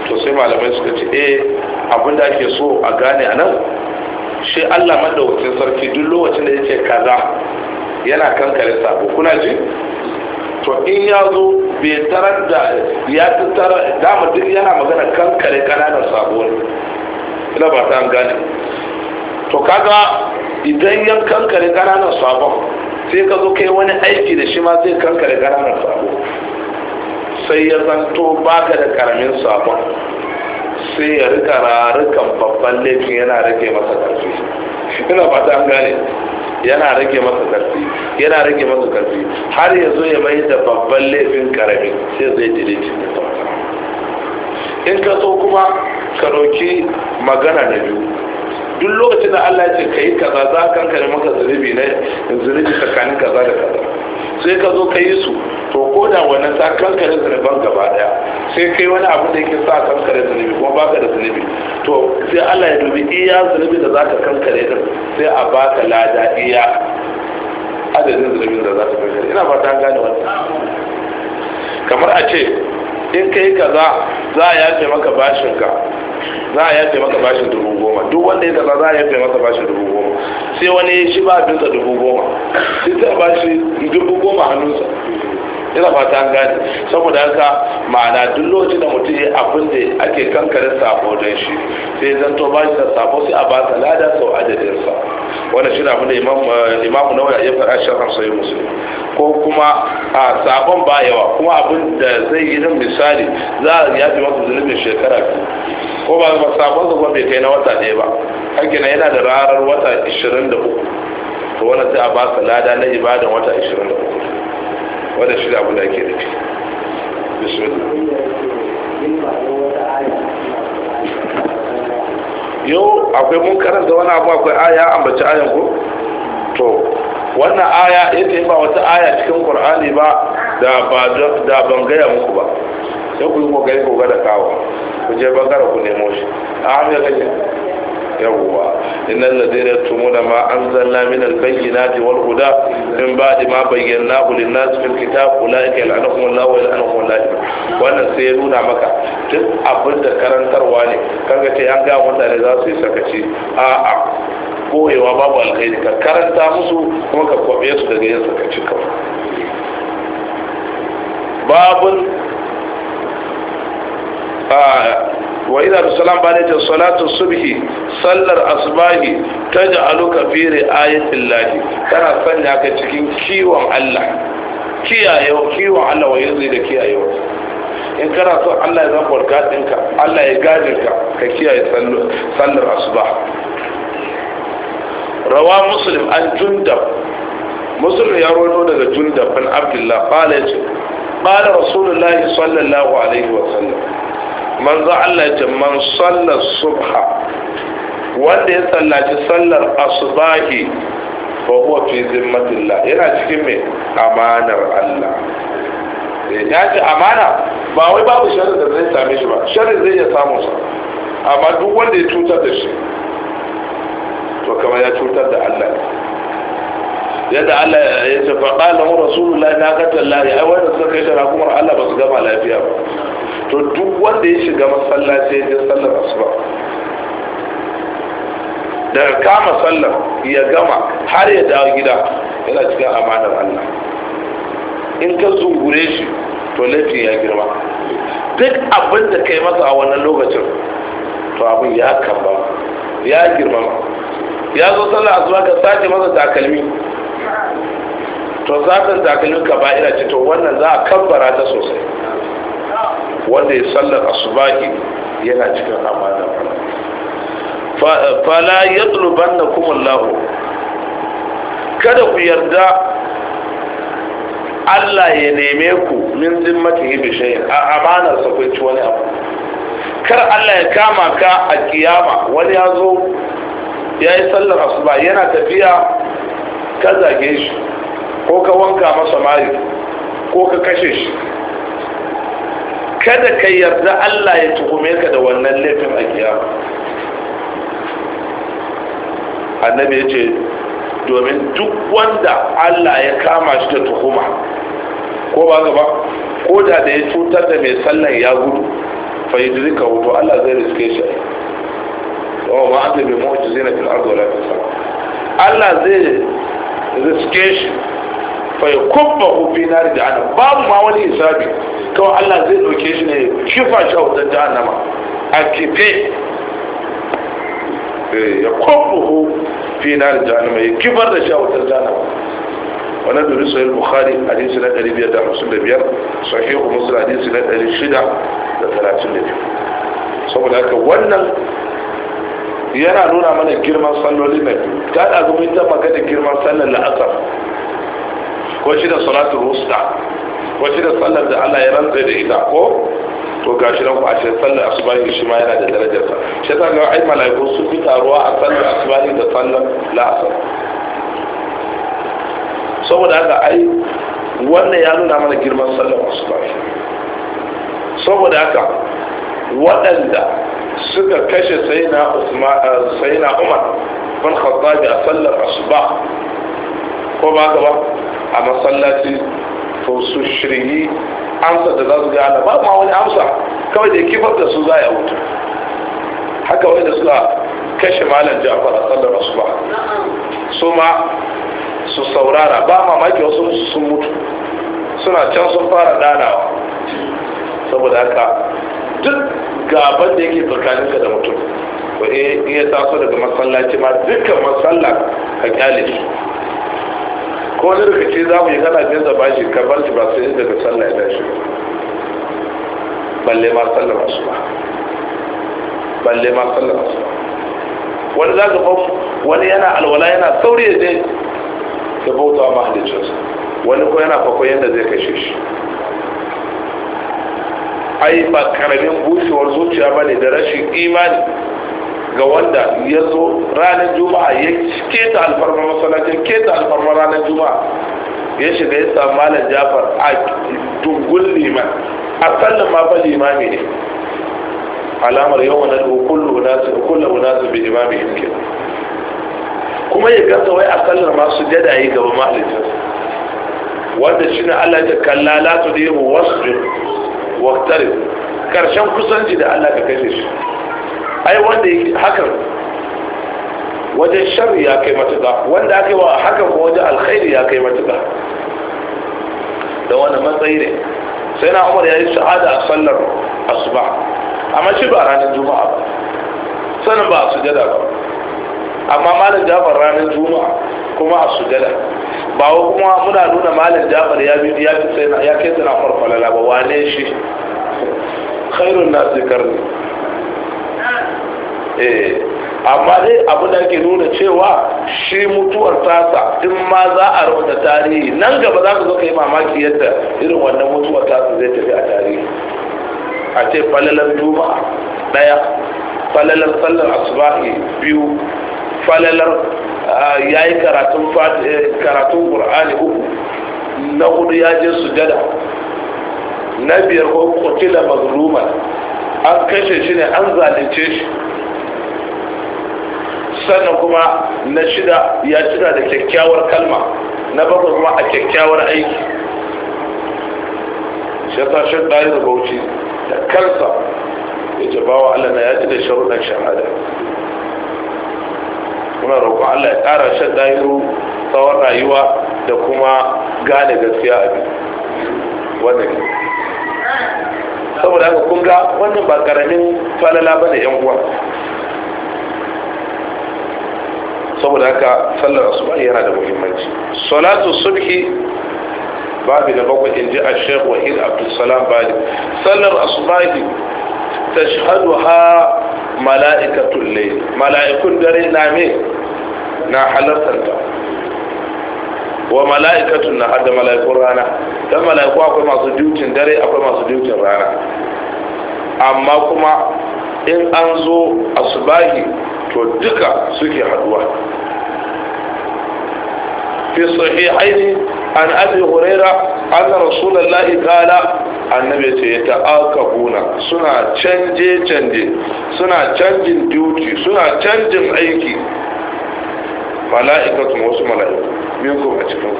[SPEAKER 1] to sai malamai suka ce eh, abin da ake so a gane a nan shi allah madawacin sarki duk lokacin da yake kaza yana kankare sabo kuna ji to in ya zo bai tarar da ya tattara dama duk yana magana kankare kananan sabo ne ina ba ta gane to kaga idan yan kankare ƙananan sabon sai ka zo kai wani aiki da shi ma zai kankare ƙananan sabon sai ya zanto baka da ƙaramin sabon sai ya rika rarukan babban laifin yana rage masa ƙarfi ina fata an gane yana rage masa ƙarfi yana rage masa ƙarfi har ya zo ya mai da babban laifin karami sai zai dilitin da sauran in ka so kuma ka ɗauki magana da biyu duk lokacin da Allah ya ce kai kaza za ka kare maka zunubi ne zunubi tsakanin kaza da kaza sai ka zo ka yi su to ko da wannan ta kankare zunuban gaba daya sai kai wani abu da yake sa kankare zunubi kuma baka da zunubi to sai Allah ya dubi iya zunubi da zaka kankare din sai a baka lada iya adadin zunubin da zaka kankare ina ba ta gane wannan kamar a ce in kai kaza za a yafe maka bashinka za a yafe maka bashin dubu goma duk wanda ya kaza za a yafe masa bashin dubu goma sai wani shi ba abinsa dubu goma sai ta bashi dubu goma hannunsa ina fata an gane saboda haka ma'ana duk lokacin da mutum ya abin da ake kankarin sabo don shi sai zan to ba shi da sabo sai a ba ta lada sau adadin sa wannan shi na abin da imamu eh, nawa ya faɗa sharhan sai musu ko kuma a sabon ba yawa kuma abin da zai yi nan misali za a fi masa zunubin shekara ko ba ba sabon zuwa bai kai na wata ɗaya ba hakina yana da rarar wata 23 to wannan sai a ba sa lada na ibadan wata 23 wadda shi da abu da ake nufi yau akwai mun karanta wani abu akwai aya ambaci ayan ku to wannan aya yadda ba wata aya cikin qur'ani ba da ban gaya muku ba sai ku yi kokari ku gada kawo ku je bangaren ku nemo shi a hanyar kake yawwa innal ladina tumuna ma anzalna min albayyinati wal huda min ba'di ma bayyanahu lin-nas fil kitab ulaika yal'anuhum Allah wa yal'anuhum Allah wannan sai ya nuna maka duk abin da karantarwa ne kaga ce an ga mutane za su yi sakaci a a koyewa babu alkhairi ka karanta musu kuma ka kwabe su daga yin sakaci kawai babun wa idan salam ba da salatu subhi sallar asbahi Aluka, fi Ayatin, lahi kana sanya ka cikin kiwon Allah kiyaye kiwon Allah wa yanzu da wa in kana so Allah ya zama ka, Allah ya gadin ka ka kiyaye sallar asuba rawa muslim an jundab muslim ya rawaito daga jundab bin abdullah qala ce. qala rasulullahi sallallahu alaihi wa sallam manzo Allah ya ce man sallar subha wanda ya sallaci sallar asubahi fa huwa fi zimmatillah yana cikin mai amanar Allah eh, ya ce amana ba wai babu sharri da zai same shi ba sharri zai iya samun sa amma duk wanda ya cutar da shi to kamar ya cutar da Allah yadda Allah ya ce fa qala hu rasulullahi na ga tallahi ai wanda suka kai shara kuma Allah ba su gama lafiya ba to duk wanda ya shiga masallaci ya je sallar asuba daga kama sallar ya gama har ya dawo gida yana cikin amanar Allah in ka zungure shi to laifin ya girma duk abin da kai masa a wannan lokacin to abin ya kamba ya girma ya zo sallar asuba ka sace masa takalmi to zaɓin takalmin kaba'ira ce to wannan za a kan ta sosai wanda ya sallar baƙi yana cikin amana fala ya tsuluban na lahu kada ku yarda allah ya neme ku min zimmata yi bishayin a amanar sakwai ci wani abu kar allah ya kama ka a kiyama wani ya zo ya yi sallar asuba yana tafiya ka zage shi ko ka wanka masa mari ko ka kashe shi kada ka yarda Allah ya tuhume ka da wannan laifin a kiyama annabi ya ce domin duk wanda Allah ya kama shi da tuhuma ko ba gaba ko da da ya cutar da mai sallan ya gudu fayyadiri ka hoto Allah zai riske shi wa ma'azin bai mu'ajizina fil ardi wala fis sama Allah zai riske shi fai kubba hufi na da ana babu ma wani isabi kawai allah zai ɗauke shi ne kifa shi a wutar jahannama a kife eh, ya kubbuhu fi na da jahannama ya kifar da shi a wutar jahannama wannan da rusa yin bukhari hadisi na 555 sahihu musul hadisi na 632 saboda haka wannan yana nuna mana girman salloli kada ta da ta maka da girman sallar la'asar ko shi da salatu rusta ko shi da sallar da Allah ya rantsa da ita ko to ga shi nan ku ce sallar asubahi shi ma yana da sa shi ta ga ai malaiku su fi taruwa a sallar asubahi da sallar la'asar saboda haka ai wannan ya nuna mana girman sallar asubahi saboda haka waɗanda suka kashe na eh, umar bin khattabi a sallar asuba ko ba ka ba a masallaci to su shirye amsa da za su ga ba ma wani amsa kawai da kifar da su za a wuta haka wai da suka kashe malam jafar a sallar asuba su ma su saurara ba mamaki wasu sun mutu suna can sun fara danawa saboda haka duk gaban da yake tsakaninka da mutum ko in ya taso daga masallaci ma dukkan masalla ka kyale shi ko wani rikici za mu yi kana jin da bashi ka bar shi ba sai daga sallah ya tashi balle ma sallah masu ba balle ma sallah masu ba wani za ka wani yana alwala yana sauri ya je ya bauta ma mahaliccinsa wani ko yana fakon yadda zai kashe shi ai ba karamin bushewar zuciya ba ne da rashin imani ga wanda ya zo ranar juma'a ya keta alfarmar masallacin keta alfarmar ranar juma'a ya shiga ya samu malam jafar a dungun liman a sallin ma ba limami ne alamar yawan na kullu nasu kullu nasu bi limami yake kuma ya gasa wai a sallar ma su jada yi gaba mahalicinsa wanda shi ne Allah ta kalla latu da yi wasu waqtarib karshen kusanci da Allah ka kashe shi ai wanda yake hakan wajen sharri ya kai matuka, wanda aka yi wa hakan ko wajen alkhairi ya kai matuka. da wani matsayi ne sai na umar ya yi shahada a sallar asuba amma shi ba ranar juma'a ba sanin ba a sujada ba amma malam jafar ranar juma'a kuma a sujada ba kuma muna nuna malam jafar ya bi ya fi ya kai sana farfalala ba wane shi khairun na zikar ne eh, amma dai abu da ke nuna cewa shi mutuwar tasa in ma za a rubuta tarihi nan gaba za ka zo ka yi mamaki yadda irin wannan mutuwar tasa zai tafi a tarihi a ce falalar juma'a daya falalar sallar asuba'i biyu falalar ya yi karatun ƙur'ani eh, uku na hudu ya je sujada na biyar ko kutila mazluman an kashe shi ne an zalunce shi sannan kuma na shida ya cina da kyakkyawar kalma na bakwai kuma a kyakkyawar aiki shi ɗari da bauchi da kansa ya jabawa allah ya ji da sharuɗan shahada wannan roƙo Allah ya ƙara shan dairu tsawon rayuwa da kuma gane gaskiya a biyu wannan saboda haka kun ga wannan ba ƙaramin falala ba da yan uwa saboda haka sallar asuba yana da muhimmanci salatu subhi babu da bakwai inji a shek wahid abdulsalam bali sallar asuba ta shahadu ha mala'ikatul layl mala'ikun dare na me na ta. wa mala'ikatun na hada mala'ikun rana don mala'iku akwai masu dutin dare akwai masu dutin rana amma kuma in an zo asubahi to duka suke haduwa fi sahihaini an abi huraira anna rasulullahi kala annabi ce ya ta'akabuna suna canje canje suna canjin duty suna canjin aiki mala'ikatun wasu mala'iku minkum a cikin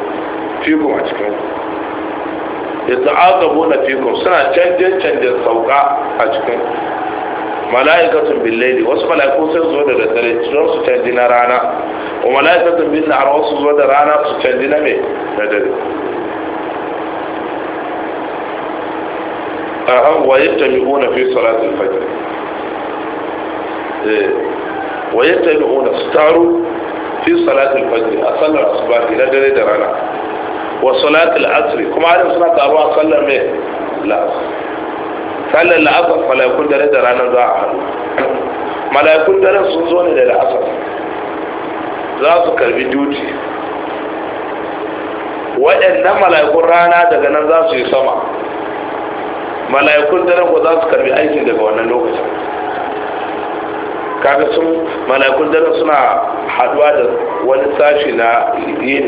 [SPEAKER 1] fikum a cikin yadda aka buna fikum suna canje-canjen sauka a cikin mala'ikatun billaili wasu mala'iku sai zo da daddare don su canji na rana wa mala'ikatun bin nahar wasu zo da rana su canji na me da dare ahan wa yattami'una fi salati al-fajr eh wa yattami'una su taru fi salatul fajr a sallar asubahi na dare da rana wa salatul asri kuma har suna a sallar mai la'asar sallar la'asar mala'ikun dare da rana za a haɗu mala'ikun dare sun zo ne da la'asar za su karbi duty waɗannan mala'ikun rana daga nan za su yi sama mala'ikun dare ko za su karbi aikin daga wannan lokacin kaga sun malakun daren suna haduwa da wani sashi na yin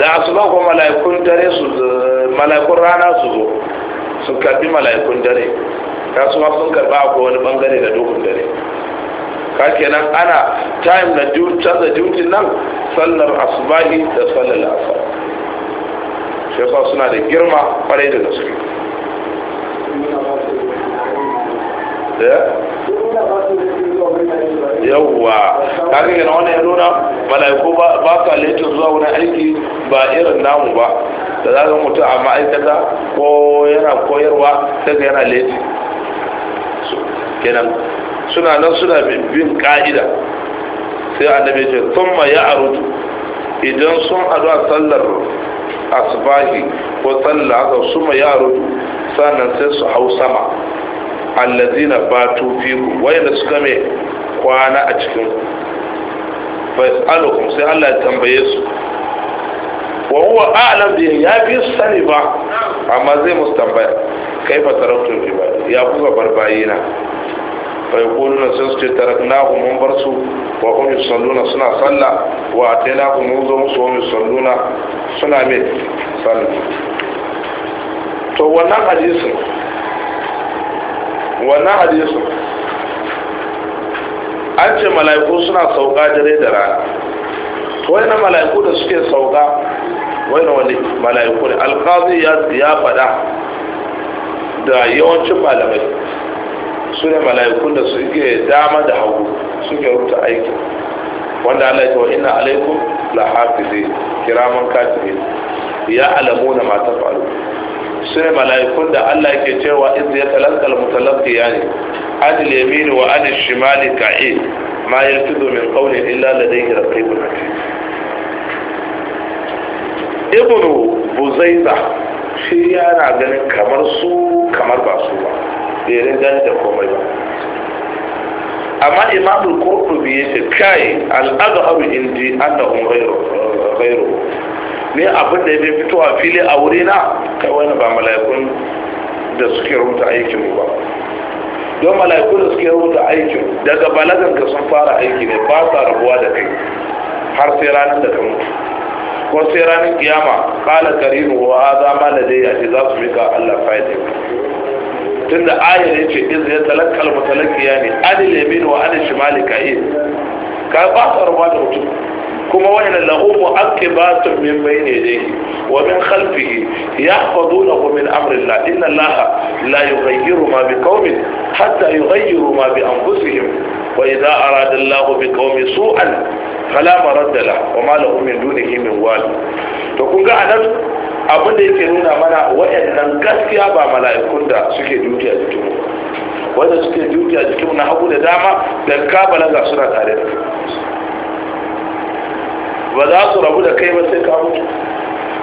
[SPEAKER 1] da asuba ko malakun dare su malakun rana su zo sun karbi mala'ikun dare ka su ma sun karba ko wani bangare da dukun dare ka kenan ana time na canza duty nan sallar asubahi da sallar asar shi yasa suna da girma kwarai da gaske eh? yawwa kaga yana wannan ya nuna mala'iku ba ka leto zuwa wani aiki ba irin namu ba da za mutum a ma'aikata ko yana koyarwa daga yana leti kenan suna nan suna bin ka'ida sai annabi ce sun ma ya arutu idan sun haɗu sallar asbahi ko sallar haka sun ma ya arutu sannan sai su hau sama allazina batu fiku wayanda suka mai kwana a cikin fasalukum sai Allah ya tambaye su wa huwa a'lam bi ya fi sani ba amma zai musu tambaya kaifa bi ba ya kuka barbayina fa yaquluna sai su ce taraknahu mun bar su wa hum yusalluna suna sallah wa atainahu mun zo musu wa yusalluna suna mai salla to wannan hadisin wannan hadisin an ce mala'iku suna sauka dare da rana Wai na mala'iku da suke sauka na wani mala'iku ne alkazi ya fada da yawancin malamai su ne mala'ikun da suke dama da hagu suke rubuta aiki wanda Allah ya ce inna alaikum la hafizi kiraman katibin ya alamu na ma tafalu Sai ne mala'ikun da Allah ke cewa iz ya talakkal mutalaqi yani adil yamin wa adil shimali ka'i ma yalfidu min qawlin illa ladayhi raqibun atid ibn buzaiza shi yana ganin kamar su kamar ba su ba bai ganin da komai ba amma imamul qurtubi yace kai al-azhar indi annahum ghayru ghayru ne abin da ya fito a fili a wuri na kai wani ba mala'ikun da suke rubuta aikin ba don mala'ikun da suke rubuta aikin daga balagan ka sun fara aiki ne ba sa rabuwa da kai har sai ranar da ka mutu ko sai ranar kiyama kala karinu wa za ma da dai ce za su mika Allah faida tunda ayar yace iz ya talakkal mutalakiya ne anil yamin wa adil shimali ka'id ka ba sa rabuwa da mutum kuma wani wa'ina lahu mu'aqibatun min bayni yadayhi wa min khalfihi na min amrillah inna allaha la yughayyiru ma biqaumin hatta yi yughayyiru ma bi anfusihim wa idza arada allahu biqaumin su'an fala maradda lahu wa ma lahum min dunihi min wal to kun ga anan abin da yake nuna mana waɗannan gaskiya ba mala'ikun da suke duti a jikin mu wanda suke duti a jikin mu na hagu da dama da kabala ga suna tare da kai ba za ku rabu da kai ba sai ka mutu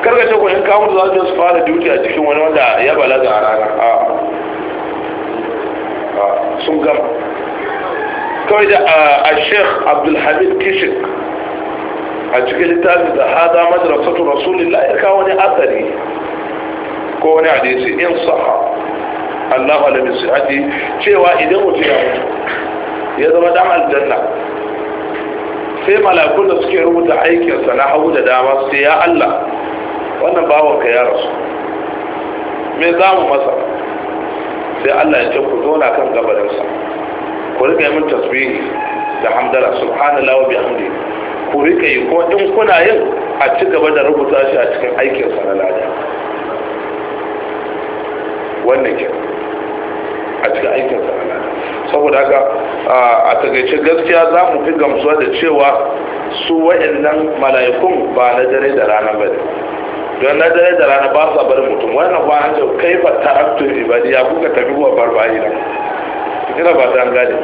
[SPEAKER 1] karkace ku in ka mutu za su su fara duty a cikin wani wanda ya balaga a rana a sun gama kawai da a sheikh abdulhamid kishik a cikin littafin da hada madrasatu rasulillah ya kawo wani asali ko wani hadisi in saha Allah alamin sihati cewa idan mutum ya mutu ya zama dan aljanna sai malakun da suke rubuta aikinsa na hagu da dama sai ya Allah wannan bawanka ya rasu me za mu masa sai Allah ya ce ku zauna kan gabarinsa ku rika yi min tasbihi da hamdala subhanallahi wa bihamdi ku rika yi ko in kuna yin a ci gaba da rubuta shi a cikin aikinsa na lada wannan ke a cikin aikinsa na lada saboda haka a takaice gaskiya za mu fi gamsuwa da cewa su wa'annan mala'ikun ba na dare da rana ba ne don na dare da rana ba sa bari mutum wannan ba an jau kai ta aktu ibadi ya kuka tafi wa barbari nan kira ba ta gane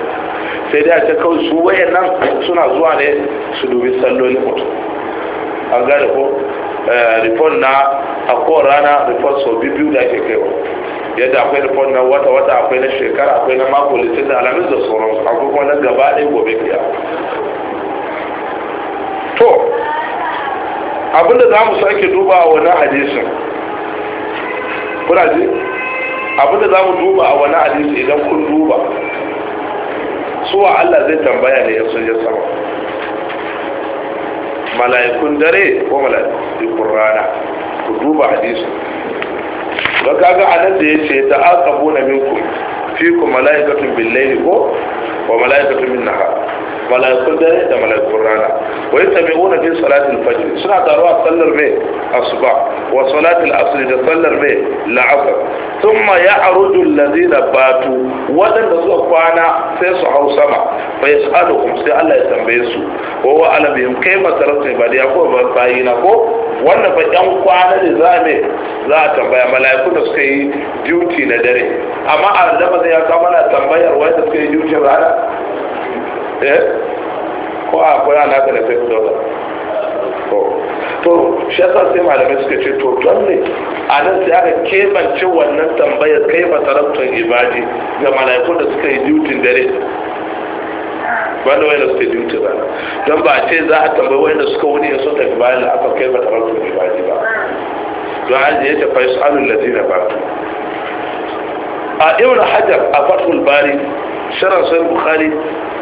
[SPEAKER 1] sai dai a ce kawai su wa'annan suna zuwa ne su dubi salloli mutum an gane ko eh, report na a ko rana report sau biyu da ake kaiwa yadda akwai report na wata wata akwai na shekara akwai na mako litin da alamis da sauran akwai kuma na gaba ɗaya gobe biya to abinda za mu sake duba a wani hadisin kuraji abinda za mu duba a wani hadisi idan kun duba suwa allah zai tambaya ne ya yi sama mala'ikun dare ko mala'ikun rana ku duba hadisin ga kaga anan da yace ta aqabuna minkum fikum malaikatun bil billahi ko wa malaikatun min nahar mala'ikun dare da mala'ikun rana wai tabi'una fi salatin fajr suna taruwa sallar mai asuba wa salatin asiri da sallar mai la'asar thumma ya'rudu alladhina batu waɗanda suka kwana sai su hau sama fa yas'aluhum sai Allah ya tambaye su ko wa alamihim kayfa taratu ibadiya ko ba bayina ko wanda fa yan kwana ne za ne za a tambaya mala'ikun da suka yi duty na dare amma a da ya kama na tambayar wanda suka yi duty rana Eh? ko a kwana na da sai dole to shi yasa sai malamai suka ce to don ne a nan sai aka kebance wannan tambayar kai ba tarabtun ibadi ga malaikun da suka yi dutin dare wanda ba don ba ce za a tambayi wai da suka wuni ya sun tafi bayan da aka kai ba tarabtun ibadi ba don an je ta fa yasalu ladina ba a ibn hajar a fathul bari sharar sai bukhari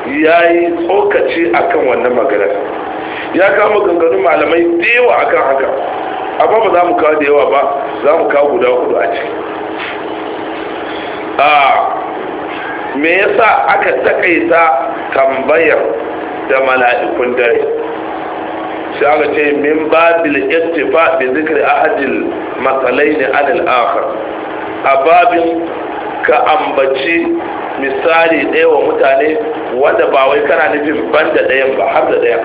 [SPEAKER 1] ya yi tsokaci akan wannan magana ya kama maganganun malamai da yawa akan haka amma ba za mu kawo da yawa ba za mu kawo guda hudu a ciki A me yasa aka takaita tambayar da mala'ikun dare sai aka ce min babil ittifa bi zikri ahadil masalaini anil akhar a babin ka ambaci misali ɗaya wa mutane wanda ba wai kana nufin ban da ɗayan ba har da ɗayan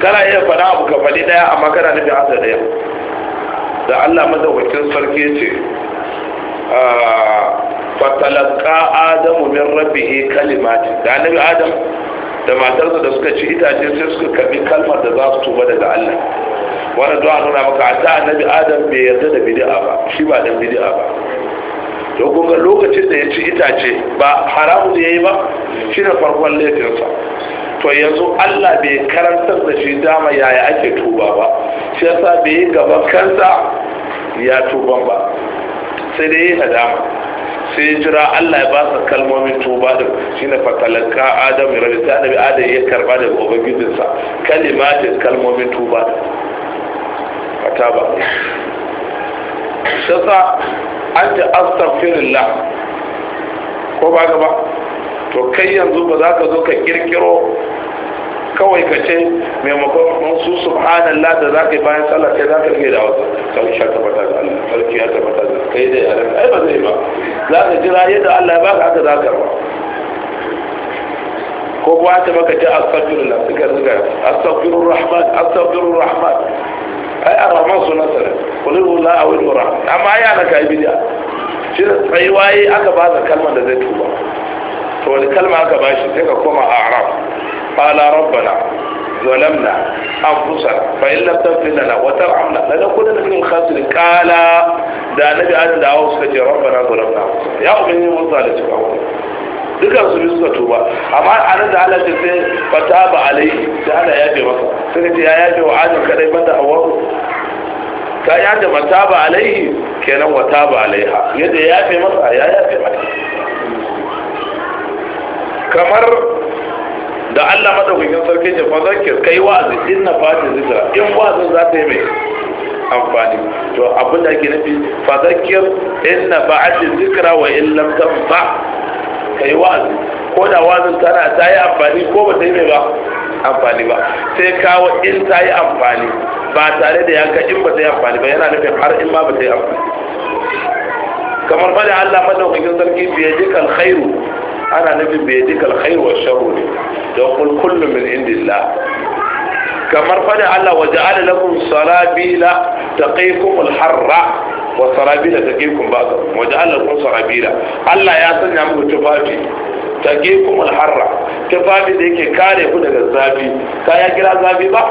[SPEAKER 1] kana iya faɗa abu ka faɗi ɗaya amma kana nufin har da ɗayan da Allah madaukakin sarki ce ah, fatalaka adamu min rabbihi kalimati da annabi adam da matarsa da suka ci itace sai suka kabi kalmar da za su tuba daga Allah wannan du'a nuna maka a ta annabi adam bai yarda da bid'a ba shi ba dan bid'a ba don ga lokacin da ya ci itace ba haramu da ya yi ba shi ne farkon laifinsa to yanzu allah bai karantar da shi dama yaya ake tuba ba shi yasa bai yi gaban kansa ya tuban ba sai dai yi nadama sai ya jira allah ya ba sa kalmomin tuba da shi na fatalaka adam ya rabi ta nabi adam ya karba da ubangijinsa kalimatin kalmomin tuba da fata ba shasa an astaghfirullah ko ba gaba to kai yanzu ba za ka zo ka kirkiro kawai ka ce maimakon su subhanallah da za ka yi bayan sallah sai za ka rage da wasu sarki ya tabbata da Allah shi ya tabbata da kai da yaran ai ba zai ba za ka jira yadda Allah ya baka haka za ka ba ko kuwa ta baka ce astaghfirullah suka zuga astaghfirur rahman ai arrahman sunan sa ne kullu la awil rahman amma ya na kai bid'a shi da tsaiwaye aka ba da kalmar da zai tuba to wani kalma aka ba shi sai ka koma a arab qala rabbana ظلمنا انفسنا فان لم تغفر لنا وترحمنا لنكونن من الخاسرين قال da nabi adam da awu suka ce rabbana zalamna ya ubangiji mun zalunci ba dukkan su suka tuba amma a nan da Allah ce sai fata ba alai sai ana yafe masa sai ka ce ya yafe wa adam kadai da hawaru ka ya da mata ba alaihi kenan wa ta ba alaiha yadda ya yafe masa ya yafe mata kamar da Allah madaukakin sarki ce fazakir kai wa'azi in na fati zikira in wa'azin za ta yi mai amfani to abin da ake nufi fazakir in na fa'ati zikira wa in lam tanfa ka yi wa'azi ko da wa'azin tana ta yi amfani ko ba ta yi mai ba amfani ba sai kawo in ta yi amfani ba tare da yanka in ba ta yi amfani ba yana nufin har in ma ba ta yi amfani kamar bada Allah madaukakin sarki biye dukkan khairu ana nufin biye dukkan khairu wa sharru ne don kul kullu min indillah kamar fada Allah waje ala lakum salabila taqikum al-harra wa sarabila taqikum ba'd wa ja'alakum sarabila Allah ya sanya muku tufafi taqikum al-harra tufafi da yake kare ku daga zafi ka ya kira zafi ba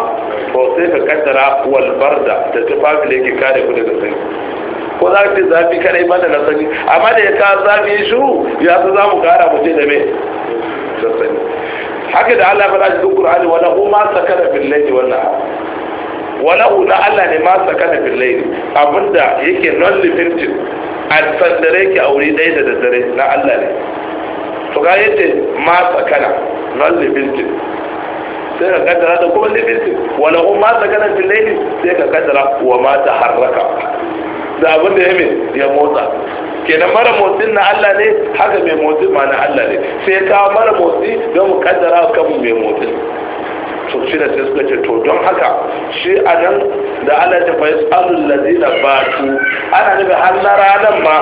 [SPEAKER 1] to sai ka kaddara wal barda da tufafi da yake kare ku daga sanyi ko za ka ce zafi kadai ba da na sanyi amma da ya ka zafi shiru ya su za mu kara mu je da me da sanyi haka da Allah ya faɗa cikin Qur'ani wala huma sakara bil layli wal nahar wani hula Allah ne ma saka da billahi abinda yake non limited a tsandare ke aure ɗaya da daddare na Allah ne to ga yace ma na non limited sai ka kaddara da kuma limited wani kuma ma da billahi sai ka kaddara wa ma ta harraka da abin da ya ya motsa kenan mara motsin na Allah ne haka mai motsin ma na Allah ne sai ka mara motsi don mu kaddara kan mai motsin to da sai suka ce to don haka shi a nan da Allah ta fayas alul ladina batu ana nufin har na ranar ma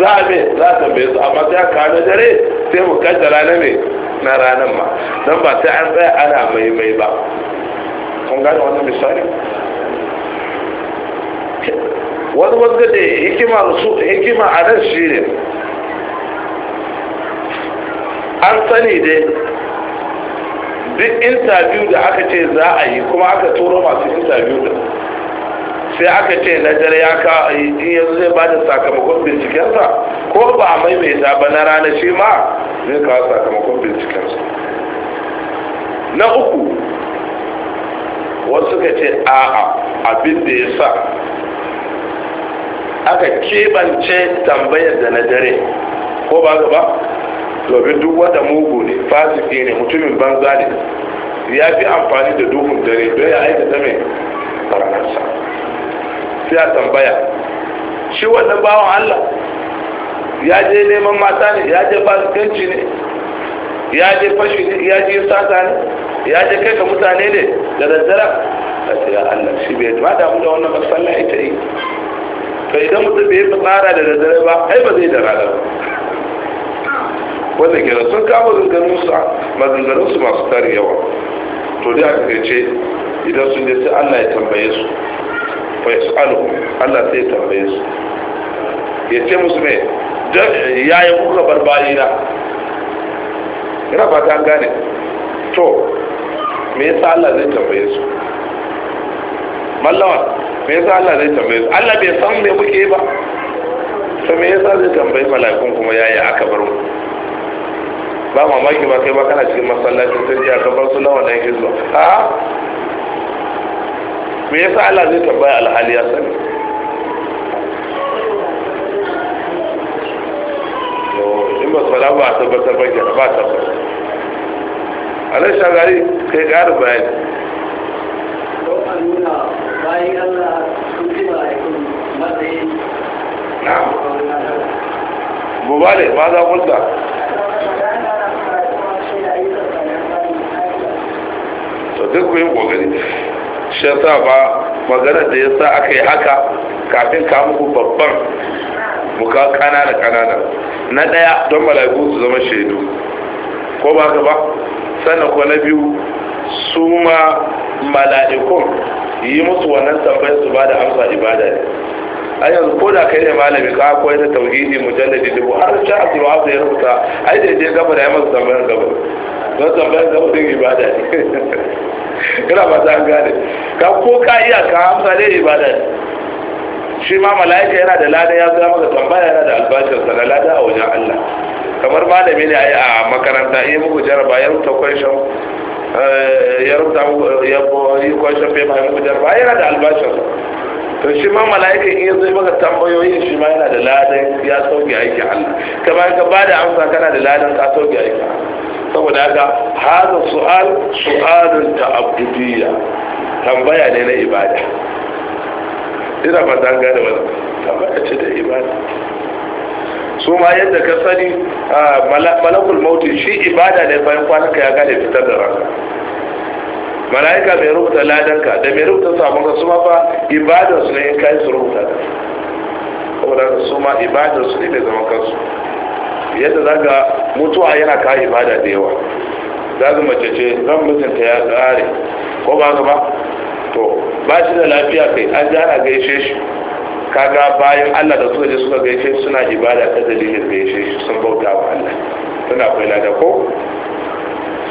[SPEAKER 1] za a me za a tambaye su amma sai aka na dare sai mu kanta na ne na ranar ma don ba sai an tsaya ana maimai ba kun gane wannan misali wani wanda da hikima a nan shi ne an sani dai duk interview da aka ce za a yi kuma aka turo masu interview da sai aka ce na dare ya ka eh, in yanzu zai ba da sakamakon bincikensa ko ba a maimaita ba na rana shi ma zai kawo sakamakon bincikensa na uku wasu ka ce a'a abin da ya sa aka keɓance tambayar da na dare ko ba gaba domin duk wanda mugu ne fasike ne mutumin banza ne ya fi amfani da duhun dare don ya aikata mai faransa sai a tambaya shi wannan bawan allah ya je neman mata ne ya je fasikanci ne ya je fashi ne ya je sata ne ya je kai ka mutane ne da daddara a ce ya allah shi bai ma damu da wannan masallah ita yi to idan mutum bai yi tsara da daddare ba ai ba zai da rana ba wanda ke da sun kama su masu tari yawa to dai aka ce idan sun je sai allah ya tambaye su fa ya su'alu allah sai ya tambaye su ya ce musu mai yayin kuka barbari na ina ba ta gane to me yasa allah zai tambaye su mallawa me yasa allah zai tambaye su allah bai san me muke ba to me yasa zai tambayi mala'ikun kuma yaya aka bar mu ba mamaki ba kai ba kana cikin masallaci sai ji ka bar suna wannan hizba a me yasa Allah zai tambaya alhali ya sani in ba sala ba a tabbatar ba kenan ba tabbatar alai shagari kai ƙarin bayani bayan Allah sun ji ba a matsayin na'am mubalik ma za kulta to duk ku kokari shi yasa ba maganar da yasa aka yi haka kafin ka muku babban muka kanana kanana na daya don mala'iku su zama shaidu ko ba ka ba sannan ko na biyu su ma mala'ikun yi musu wannan tambayar su ba da amsa ibada ne a yanzu ko da kai ne malami ka koyar da tauhidi mujalladi dubu har a abdul wahab ya rubuta ai da je gaba da ya masa tambayar gaba don tambayar zama din ibada ne kana ba ta gane ka ko ka iya ka amsa dai ibada ne shi ma mala'ika yana da lada ya zama da tambaya yana da albashin sa da lada a wajen Allah kamar malami ne a makaranta in muku jaraba ya rubuta question eh, ya rubuta ya yi question paper ma muku jaraba yana da albashin sa to shi ma mala'ika in ya zai maka tambayoyin shi ma yana da ladan ya sauke aiki Allah kamar ka bada amsa kana da ladan ka sauke aiki Allah saboda haka hada su'al su'alun ta'abbudiyya tambaya ne na ibada ina fatan gane wannan tambaya ce da ibada su ma yadda ka sani malakul mauti shi ibada ne bayan kwanaka ya gane fitar da ranka malaika mai rubuta ladanka da mai rubuta samonka su ma fa ibada su ne in kai su rubuta da su ma ibada su ne mai zaman kansu yadda za ka mutuwa yana ka ibada da yawa za ka mace ce zan mutunta ya tsare ko ba ka ba to ba shi da lafiya kai an ana gaishe shi kaga bayan allah da suka je suka gaishe suna ibada ta dalilin gaishe shi sun bauta wa allah suna kwaila da ko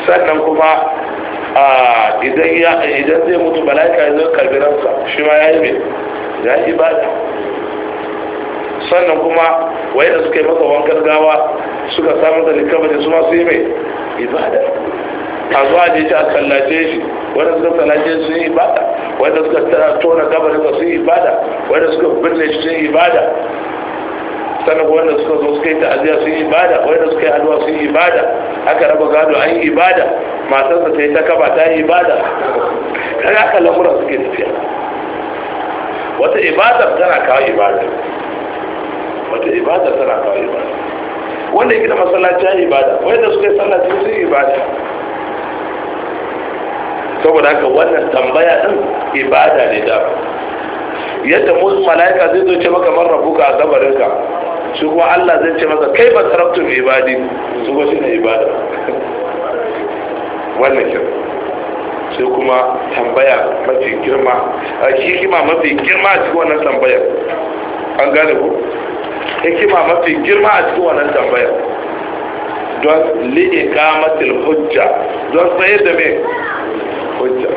[SPEAKER 1] sannan kuma idan zai mutu bala ya zo karbiransa shi ma ya yi mai ya yi ibada sannan kuma wayanda suka yi masa wankan gawa suka samu da likabari su masu yi mai ibada a zuwa je shi a tsallace shi wanda suka tsallace sun yi ibada wanda suka tona da sun yi ibada wanda suka birne shi sun yi ibada sannan wanda suka zo suka yi ta'aziyya sun yi ibada wanda suka yi addu'a sun yi ibada aka raba gado an yi ibada matarsa ta yi ta kaba ta yi ibada kaga aka lamura suke tafiya wata ibadar tana kawo ibada wata ibada tana kawo ibada wanda gina masallaci ya ibada wanda suka yi sallaci sun ibada saboda haka wannan tambaya din ibada ne da yadda mu mala'ika zai zo ce maka man ka a gabarinka shi kuma Allah zai ce maka kai ba tarabtu bi ibadi su shi shine ibada wannan kin sai kuma tambaya mafi girma a hikima mafi girma cikin wannan tambaya an gane ku hikima mafi girma a cikin wannan tambaya don li'iqamatil hujja don tsaye da me hujja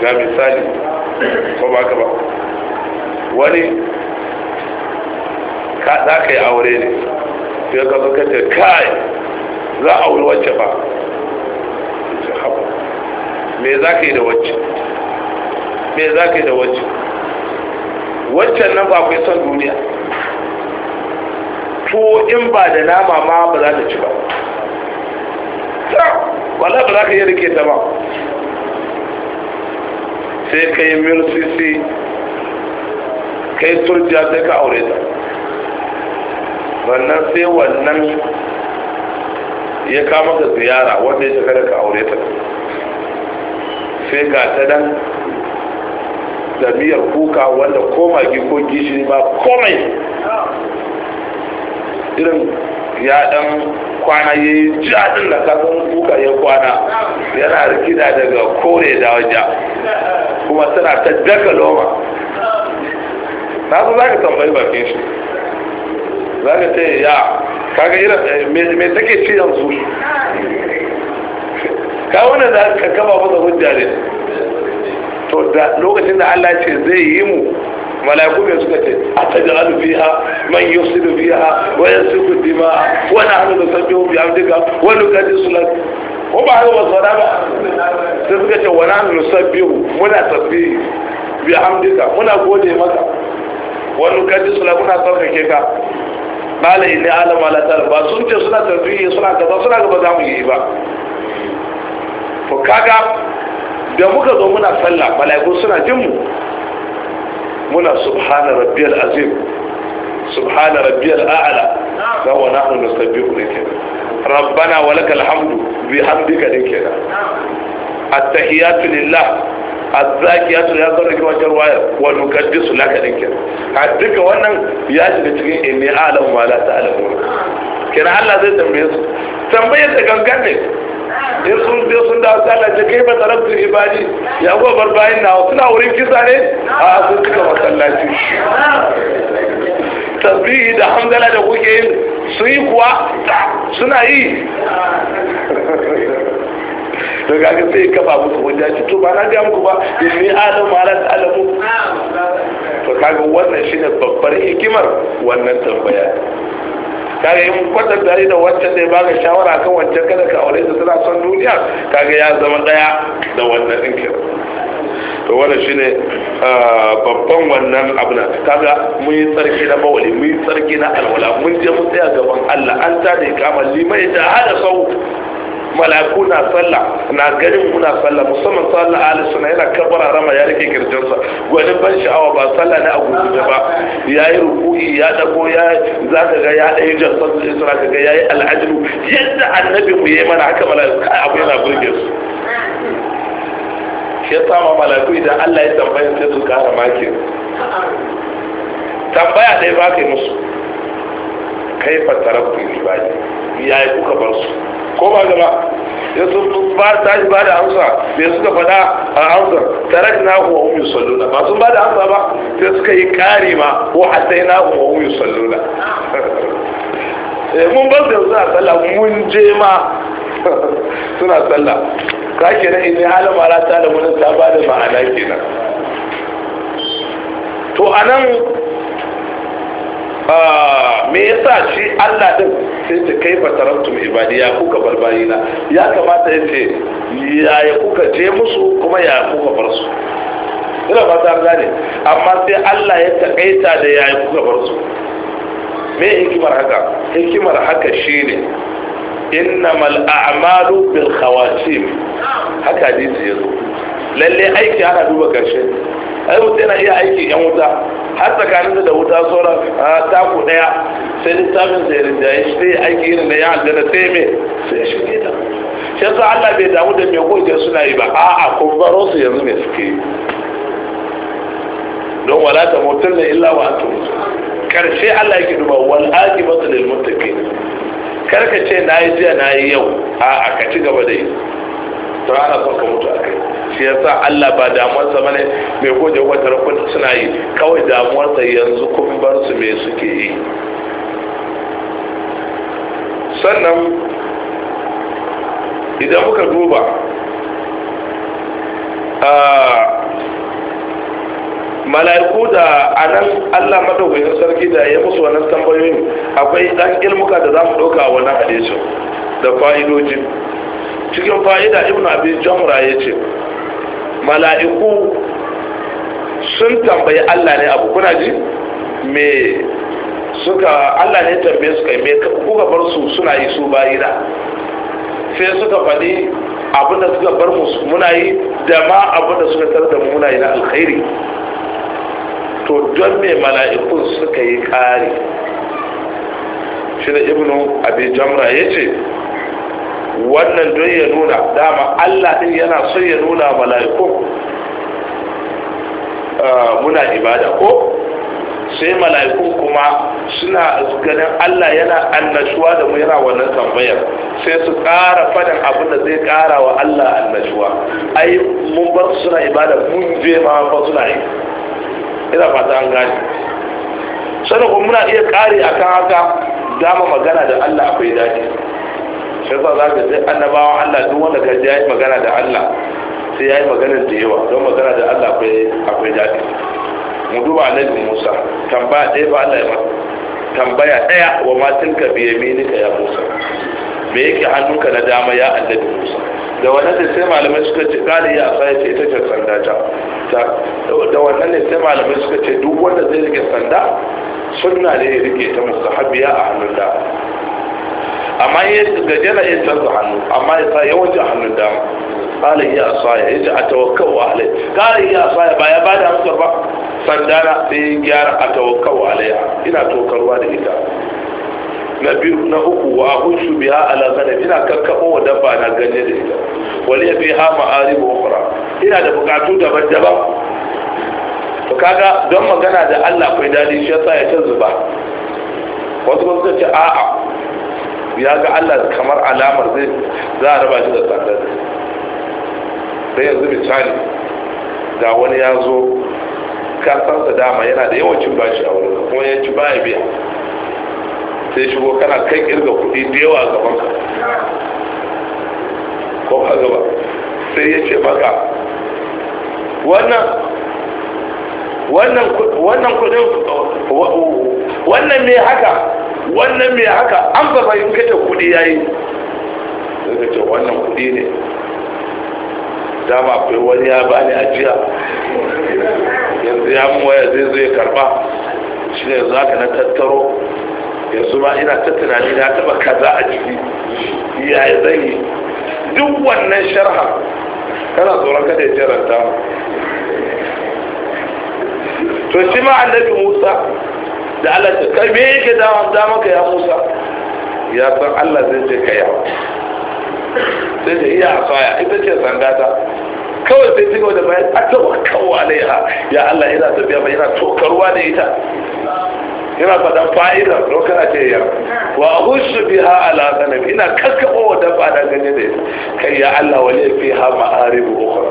[SPEAKER 1] ga misali ko ba ka ba wani ka za ka yi aure ne sai ka zo ka kai za a wuri wacce ba me za ka yi da wacce me za ka yi da wacce wacce nan ba kai son duniya ko in ba da nama ma ba za ta ci ba wala ba za ka yi rike ta ba sai ka yi mil sisi ka yi turjiya sai ka aure ta wannan sai wannan ya kama ka ziyara wanda ya shekara ka aure ta sai ga ta dan da kuka wanda koma gikon ko gishiri ba komai irin ya dan kwana ya yi jadin da kasan kuka ya kwana yana rikida daga kore da waja kuma tana ta daga loma na su za ka tambayi bakin shi za ka ce ya kaga irin eh, mai take ce yanzu ka wani da ka kama masa hujja ne to da lokacin da Allah ce zai yi mu mala'iku ne suka ce a taj'alu fiha man yufsidu fiha wa yasfiku dima'a wa da sabbi bi amdika wa su lak ko ba haka wasu ba sai suka ce wa nahnu sabbi muna tasbihi bi amdika muna gode maka wa su lak muna tsarkake ka bala inni a'lamu la ta'lamu ba sun ce suna tasbihi suna kaza suna gaba za mu yi ba to kaga da muka zo muna sallah malaiku suna jin mu muna subhana rabbiyal azim subhana rabbiyal a'la da wa nahnu nusabbihu laka rabbana wa lakal hamdu bi hamdika dinka at-tahiyatu lillah azzakiyatu ya sauka kuma ta ruwaya wa nukaddisu laka dinka a duka wannan ya shiga cikin inni alamu wa la ta'lamu kira Allah zai tambaye su tambayar da gangan ne in sun je sun da wasu Allah ta kai ba tarabtu ibadi ya kuma bar bayan na suna wurin kisa ne
[SPEAKER 2] a sun cika
[SPEAKER 1] masallaci tasbihi da hamdala da kuke yin su yi kuwa suna yi da ga ga sai kafa musu hujja ci to ba na ga muku ba inni adam ma la ta'lamu to kaga wannan shine babbar hikimar wannan tambaya kaga in kwatar dare da wancan da ba ga shawara kan wancan kada ka aure da tana son duniya kaga ya zama daya da wannan ɗinkin to wannan shine ah, babban wannan abu na kaga mun yi tsarki na bawali mun yi tsarki na alwala mun je mu tsaya gaban Allah an tada kama limai da hada sau malaku na sallah na ganin muna sallah musamman sallah ahli suna yana kabara rama ya rike kirjinsa gwanin ban sha'awa ba sallah ne a gurguje ba ya yi ruku'i ya dago ya za ka ga ya ɗaya jan sallah suna ka ga ya yi al'ajiru yadda annabi mu yi mana haka malaku abu yana burge su ke ya sama malaku idan Allah ya tambayi sai su kara makin tambaya ɗaya ba ka yi musu kai fatarar fili ba ne ya yi kuka bar su ko ba gaba ya sun ba ta yi ba da amsa bai suka faɗa a amsa tarak na kuwa umu salluna ba sun ba da amsa ba sai suka yi kare ma ko haddai na kuwa umu salluna eh, mun ba da suna sallah mun je ma suna sallah ka kenan idan halin mara ta da wani ta ba da ma'ana kenan to anan Ah, me yasa shi Allah din sai ta kai fa fatarantum ibadiya kuka bar na? ya kamata ya ce yaya kuka je musu kuma ya kuka bar su ina ba ta ne amma sai Allah ya takaita da yaya kuka bar su me hikimar haka hikimar haka shine innamal a'malu bil khawatim haka hadisi yazo lalle aiki ana duba karshe ai mutum yana iya aiki yan wuta har tsakanin da wuta sora sauran taku daya sai littafin sai ya shi sai aiki irin da ya aljanna sai me sai ya shige ta shi yasa Allah bai damu da me goge suna yi ba a'a kun baro su yanzu me suke don wala ta mutum illa wa antum karshe Allah yake duba wal aqibatu lil muttaqin karka ce na yi jiya na yi yau a ka ci gaba da yi to ana son ka mutu a kai shi yasa Allah ba damuwarsa bane mai goje wata rukun suna yi kawai damuwarsa yanzu kun bar su me suke yi sannan idan muka duba ah, mala'iku da anan Allah madaukakin sarki da ya musu wannan tambayoyin akwai dan ilmuka da zamu dauka a wannan hadisi da fa'idojin cikin fa'ida ibnu abi jamra yace mala'iku sun tambayi Allah ne abu kuna ji me suka Allah ne tambaye suka me kuka bar su suna yi su bayira sai suka faɗi abinda suka bar mu muna yi da ma abinda suka tar da muna yi na alkhairi to don me mala'ikun suka yi kari shi da ibnu abi jamra ya ce wannan don ya nuna dama allah din yana son ya nuna mala'ikun muna ibada ko sai mala'ikun kuma suna ganin allah yana annashuwa da mu yana wannan tambayar sai su ƙara fadin abin da zai ƙara wa allah annashuwa ai mun bar suna ibada mun je ma ba suna yi ina fata an gani sannan kuma muna iya kare kan haka dama magana da Allah akwai daɗi shi za ka ji annabawa Allah duk wanda ka ji yi magana da Allah sai ya yi magana da yawa don magana da Allah akwai daji daɗi mu duba annabi Musa tambaya ɗaya ba Allah ya masa tambaya ɗaya wa ma tilka mini ka ya Musa me yake hannunka na dama ya annabi musa da wannan ne sai malamai suka ce kali ya sa ya ce ita ce sanda ta da wannan ne sai malamai suka ce duk wanda zai rike sanda sunna ne ya rike ta mustahabiya a hannun da amma ya na ya canza hannu amma ya sa yawanci a hannun dama kare ya sa ya yi a tawakkau wa alai kare ya sa ya ba ya bada hankali ba sandana sai gyara a tawakkau alai ina tokarwa da ita na biyu na uku wa hushu biya ala zalim ina kakkaɓo wa dabba na ganye da ita wani ya fi ha ma'ari wa ukura ina da bukatu daban-daban to kaga don magana da Allah kai dadi shi yasa ya canza zuba wasu wasu ce a'a ya ga Allah kamar alamar zai za a raba shi da sandar sai yanzu misali ga wani ya zo kasansa dama yana da yawancin bashi a wurin kuma yanci baya biya sai shigo kana kai kirga kuɗi da yawa a gaban ka ko ka gaba sai ya ce maka wannan kudin wannan mai me haka wannan mai haka an ba fahimta da kuɗi ya yi, daga ce wannan kuɗi ne dama akwai wani ya bani ajiya yanzu ya mu waya zai zai karba shi ne za ka na tattaro yanzu ma ina ta tunani na taba kaza a jiki ya zan yi duk wannan sharha kana tsoron kada ya jaranta to shi ma annabi musa da allah ta kai yake dama maka ya musa ya san allah zai je kai yawa sai da iya asaya ita ce sandata kawai sai ta da bayan a tawa kawo alaiha ya allah ina tafiya ba ina tokarwa da ita ina faɗan fa'ida to kana ce ya wa hussu biha ala sanabi ina kakkabo wa dabba da gani da kai ya Allah wa li ha ma'arib ukhra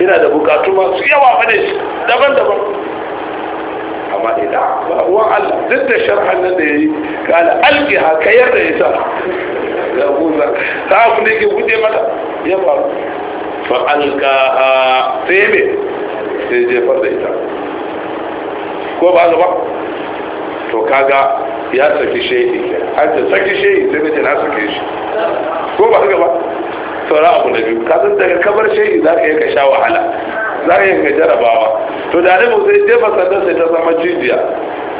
[SPEAKER 1] ina da bukatu masu yawa bane daban-daban amma ina ba wa Allah duk da sharhan nan da yayi kala alqiha kayar da sa da buza ta ku ne ke guje mata ya ba fa alqaha sai me sai jefar da ita ko ba ba to kaga ya saki shehi an ce saki shehi sai mace na saki shi ko ba haka ba Saura abu na biyu kasan daga kabar shehi za ka yi ka sha wahala za ka yi ka jarabawa to da alimu sai jefa sandan sai ta zama jijiya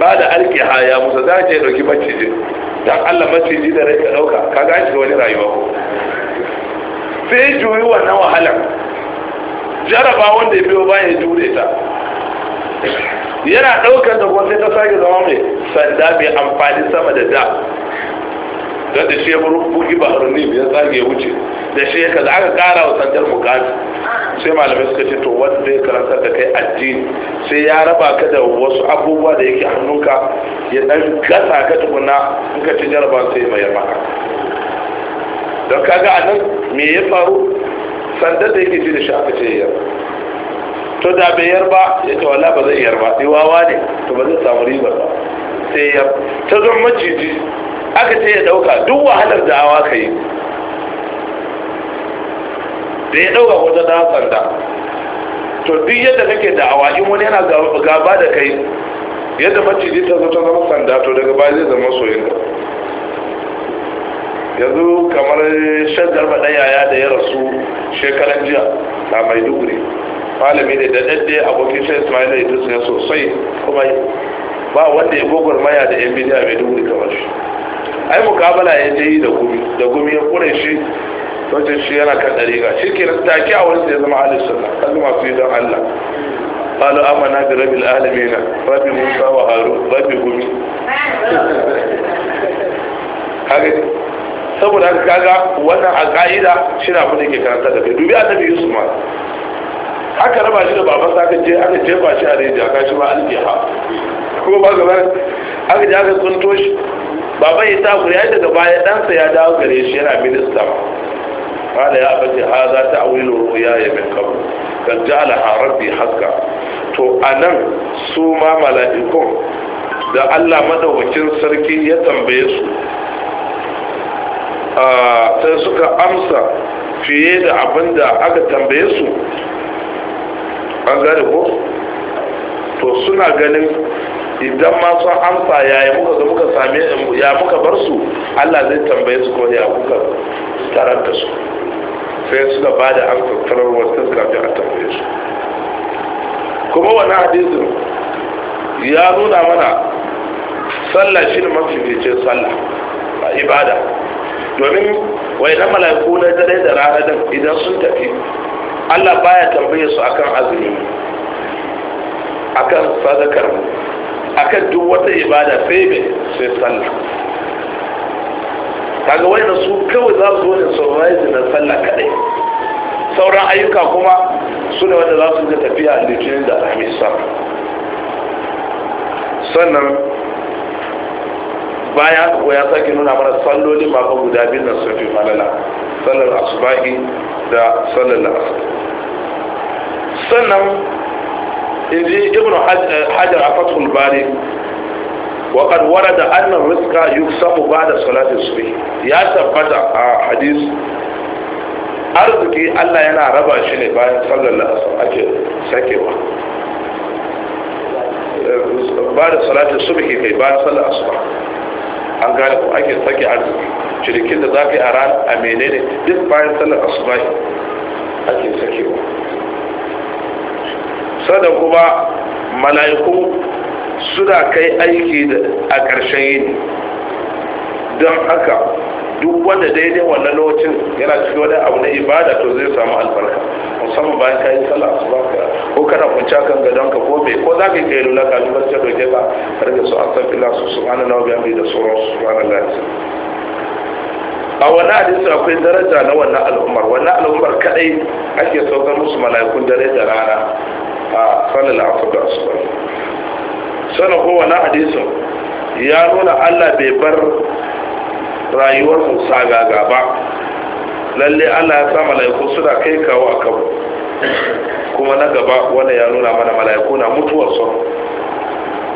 [SPEAKER 1] ba da alki haya musa za ka yi ɗauki maciji dan allah maciji da rai ka ɗauka kaga an shiga wani rayuwa sai juyi wannan wahalar jaraba wanda ya biyo bayan ya jure ta yana ɗaukar da kuma sai ta sake zama mai sanda mai amfani sama da da don da shi ya bugi ba harni ya tsage wuce da shi ya kaza aka kara wa sandar bukatu sai malamai suka ce to wani ya karanta da kai addini sai ya raba ka da wasu abubuwa da yake hannunka ya dan gasa ka tukuna in ka ci jaraba sai mai maka don kaga a nan me ya faru sandar da yake ji da shi aka ce ya to da bai yar ba ya ce wala ba zai yar ba sai wawa ne to ba zai samu ribar ba sai ya ta zo maciji aka ce ya dauka duk wahalar da awa ka yi da ya dauka wata da sanda to duk yadda kake da awa in wani yana gaba da kai yadda maciji ta zo ta zama sanda to daga baya zai zama soyayya yanzu kamar shaddar maɗaya ya da ya rasu shekaran jiya a maiduguri malami ne da dadde abokin sai ismaila ya dusa sosai kuma ba wanda ya maya da yan bidiya mai dubu kamar shi ai mukabala ya je yi da gumi da gumi ya kure shi wajen shi yana kan ga shi ke take a wani ya zama alif sunna kallu masu yi don allah bi rabbil alamin rabbi musa wa harun rabbi gumi haka saboda kaga wannan a ka'ida shi na abin da ke karanta da kai dubi annabi yusuf ma aka raba shi da baban sa aka je aka jefa shi a rijiya ka shi ba aljiha ko ba gaba aka je aka tsunto shi baban ya kuri ya daga baya ɗansa ya dawo gare shi yana minista قال يا أبت هذا تأويل رؤياي من قبل قد جعلها hakka to anan su ma mala'ikun da Allah madaukakin sarki ya tambaye su ah, sai suka amsa fiye da abin da aka tambaye su an gane ko to suna ganin idan ma sun amsa yi muka ga muka same ya muka bar su Allah zai tambaye su ko ya kuka tarar da su sai suka ba da amsa tarar wasu kafin a tambaye su kuma wani hadisin ya nuna mana sallah shi ne fice sallah a ibada domin wai na mala'iku na dare da rana idan sun tafi Allah baya tambaye su akan azumi akan sadakar akan duk wata ibada sai me sai sallah kaga wanda su kawai za su wani sunrise na sallah kadai sauran ayyuka kuma su ne wanda za su ga tafiya litinin da alhamis sannan baya ko ya sake nuna mana salloli mako guda biyu na sun fi falala sallar asubahi da sallar asar sannan in ji ibn eh, hajar a fatul bari وقد ورد أن ba da بعد صلاة ya tabbata a حديث arziki Allah yana raba shi ne bayan sallar asar ake sakewa eh, ba da salatin subhi kai bayan sallar asuba an gane ko ake sake arziki cikin da za ka yi a ran a menene duk bayan sallar asubahi ake sakewa sannan kuma mala'iku suna kai aiki a ƙarshen yini don haka duk wanda daidai wannan lokacin yana cikin wani abu na ibada to zai samu albarka musamman bayan ka yi sallah asuba ka ko kana kwanci kan gadonka ko bai ko za ka yi kai lula ka lula ta doke ka rage su an tafi su hana na wajen bai da sauran su hana lafi a wani hadisi akwai daraja na wannan al'ummar wannan al'ummar kadai ake saukar musu mala'ikun dare da rana a sallar asar da asuba ko wani hadisin ya nuna allah bai bar rayuwarsu saga ba lalle allah ya sa mala'iku suna kai kawo a kanmu kuma na gaba wanda ya nuna mana mala'iku na mutuwar su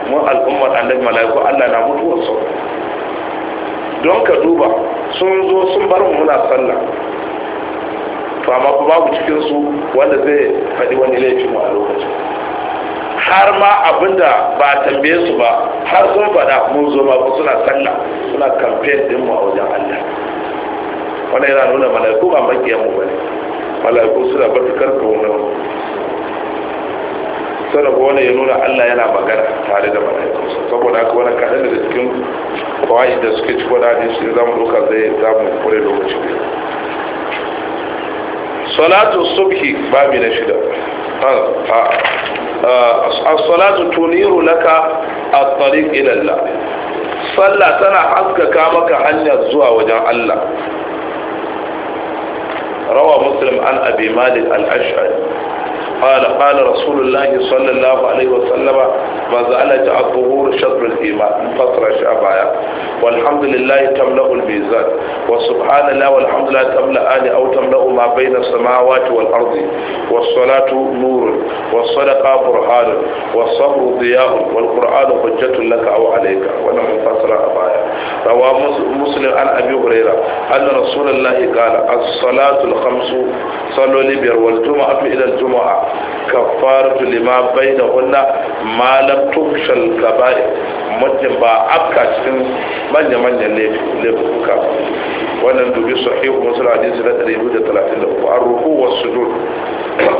[SPEAKER 1] mu al'ummar annab mala'iku allah na mutuwar su don ka duba sun zo sun bar mu muna sallah fama ku babu cikinsu wanda zai faɗi wani laifin mu a lokacin har ma abinda ba tambaye su ba har sun faɗa mun zo ma suna sallah suna affairs din mu a wajen Allah wannan yana nuna malaiku ba makiyan mu bane malaiku suna batukar kauna sai ko wani ya nuna Allah yana magana tare da malaiku saboda haka wani kaɗan da cikin kawai da suke cikin wani hadisi shi zamu ɗauka zai zamu mu kure lokaci ne salatu subhi babi na shida الصلاة تنير لك الطريق إلى الله sallah tana haskaka maka hanyar zuwa wajen Allah rawa muslim an abi malik al-ash'ari قال قال رسول الله صلى الله عليه وسلم ما زالت الظهور شطر الايمان فتره شعبايا والحمد لله تملأ الميزان وسبحان الله والحمد لله تملأان أو تملأ ما بين السماوات والأرض والصلاة نور والصدقة برهان والصبر ضياء والقرآن حجة لك أو عليك وأنا منفصل أبايا رواه مسلم عن أبي هريرة أن رسول الله قال الصلاة الخمس صلوا لبير والجمعة إلى الجمعة كفارة لما بينهن ما لم تفشل الكبائر mutum ba afka cikin manya-manyan laifuka wannan dubi sahihu musul hadisi na 133 ar-ruku was sujud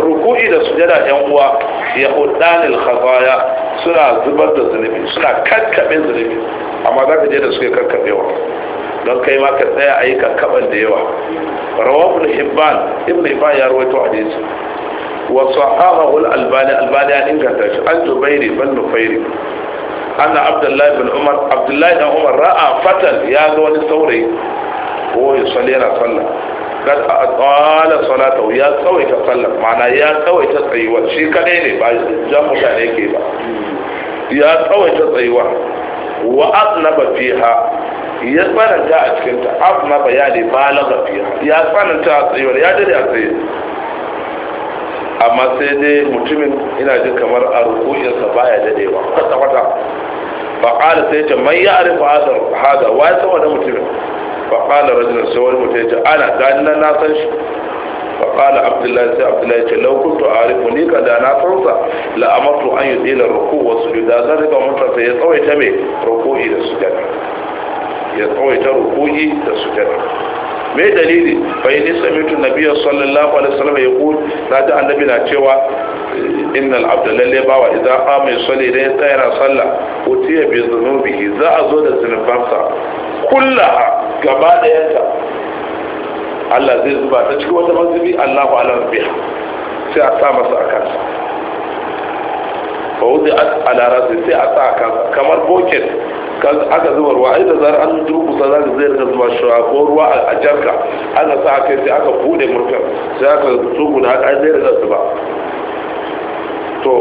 [SPEAKER 1] ruku'i da sujada yan uwa ya hudanil khataya suna zubar da zunubi suna kakkabe zunubi amma za ka je da suke kakkabewa don kai ma ka tsaya a yi kakkaban da yawa rawahu hibban ibn hibban ya rawaito hadisi wa sahahahu al-albani albani an inganta shi an jubairi ban nufairi أن عبد الله بن عمر عبد الله بن عمر رأى فتى يا دوني ثوري هو يصلي أنا صلى قال أطال صلاته يا ثوري كصلى معنى يا ثوري تطيوة شيء كنيني بعد جمش عليك يا ثوري تطيوة وأطنب فيها يا tsananta a cikinta abu ma bayani balaga fiya ya tsananta a tsayuwar ya amma sai dai mutumin ina jin kamar a rukuninsa baya dadewa kwata-kwata ba ƙala sai ce mai ya arifa hadar hada wa ya sama da mutumin ba ƙala rajinin sai wani mutum ya ana gani na san shi ba ƙala abdullahi sai abdullahi ce laukuntu a arifu ni ka da na san sa la'amartu an yi tsila ruku wasu yi da zan rika mutum sai ya tsawaita mai ruku'i da sujada ya tsawaita ruku'i da sujada Mai dalili fa in sami'tu nabiyya sallallahu alaihi wasallam yaqul da ta annabi na cewa innal abda lalle bawa idan qama yusalli idan ya tsaya sallah utiya bi dhunubihi za a zo da zunubansa kullaha gaba da dayanta Allah zai zuba ta cikin wata mazubi Allahu alam biha sai a sa masa a kansa fa wudi ala rasi sai a sa a kansa kamar bucket aka zuba ruwa ai da zar an durkusa za zaka zai rika zuba shawa ko ruwa a jarka ana sa kai sai aka bude murka sai aka da ai zai rika zuba to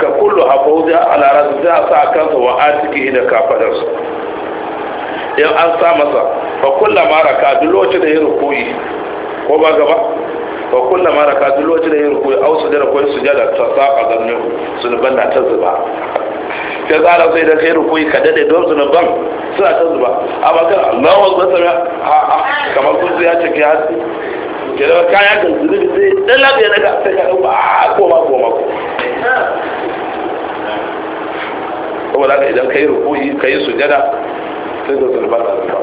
[SPEAKER 1] ka kullu hafauzi a larabci sai a sa kansa wa atiki da su in an sa masa fa kulla mara ka duk lokacin da ya rukuyi ko ba gaba fa kulla mara ka duk lokacin da ya rukuyi au su da rukuyi su jada ta saka zannin su ban na ta zuba ka tsara sai da kai rukui ka dade don ban suna ta zuba amma kan Allahu akbar sai a a kamar kun ya ce ki hasi ke da kaya kan zunubi sai dan labi ya daga sai ka ba koma koma ko saboda ka idan kai rukui kai sujada sai da zunuban da zuba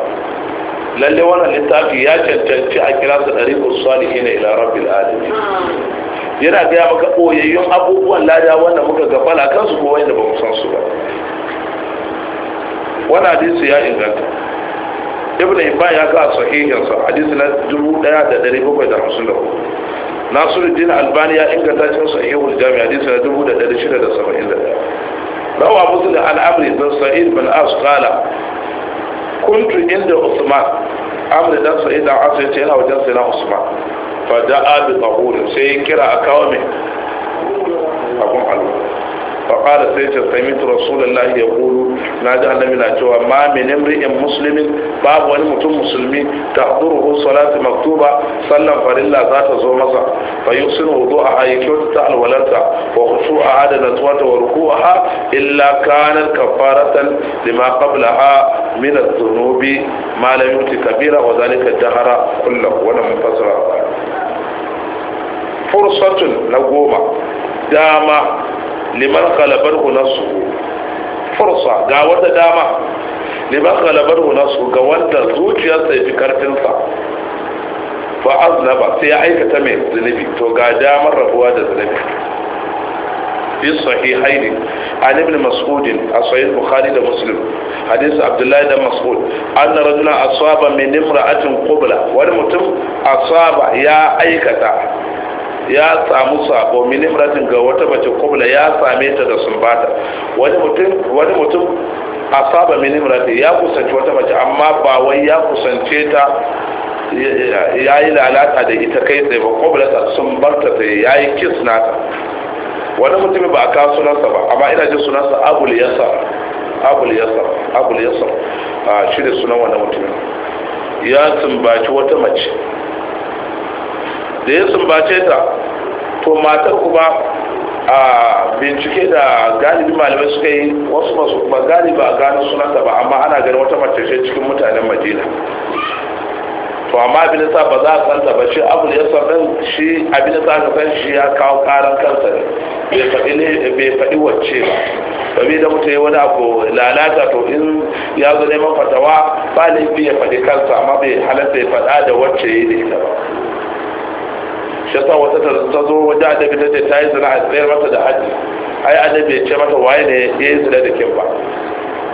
[SPEAKER 1] lalle wannan littafi ya cancanci a kira su dariqus salihin ila rabbil alamin yana gaya maka ɓoyayyun abubuwan lada wanda muka gafala kansu ko wanda ba mu san su ba wani hadisi ya inganta ibn hibban ya ka sahihinsa hadisi na 1754 nasiruddin albani ya inganta cikin sahihul jami hadisi na 1671 rawa muslim al-amri bin sa'id bin as qala kuntu inda usman amri dan sa'id dan as yace yana wajen sayyidina usman fada bi tahur sai kira a kawo mai abun alwala faƙala sai ce samitu rasulullahi ya kulu na ji annabi na cewa ma min imri'in muslimin babu wani mutum musulmi ta salatu maktuba sallan farilla za ta zo masa fa yusinu wudu a hayyukyautu ta alwalarta wa khushu a hada natsuwata wa ruku'aha illa kanar kafaratan lima qablaha min adh-dhunubi ma kabira wa zalika dahara kullahu wa lam fasara fursatun na goma dama liman galabar nasu fursa ga wata dama liman galabar nasu ga wanda zuciyarsa ya fi karfinsa fa aznaba sai ya aikata mai zunubi to ga damar rabuwa da zunubi في الصحيحين عن ابن مسعود الصحيح البخاري ومسلم حديث عبد الله بن مسعود ان رجلا اصاب من امراه Wani mutum Asaba ya aikata. ya samu sabo mini imratin ga wata mace kubla ya same ta da sumbata wani mutum wani mutum saba mini imratin ya kusanci wata mace amma ba wai ya kusance ta ya yi lalata da ita kai tsaye ba kubla ta sumbarta ta ya yi kis nata wani mutum ba a ka sunansa ba amma ina jin sunansa abul yasar abul yasar abul yasar ah, shi da sunan wani mutum ya sumbaci wata mace da ya sumbace ta to matar kuma a bincike da galibi malamai suka yi wasu masu ba galiba a gano sunanta ba amma ana ganin wata mace ce cikin mutanen madina to amma abin da ba za a san ba shi abu ya san shi abin da za ka san shi ya kawo karan kansa ne bai faɗi ne bai faɗi wacce ba domin da mutum wani abu lalata to in ya zo neman fatawa ba ne ya faɗi kansa amma bai halatta ya faɗa da wacce ya yi da ita ba shi yasa wata ta zo wajen adabi ta ce ta yi zina a tsayar masa da haji ai annabi ya ce mata waye ne ya yi zina da kin ba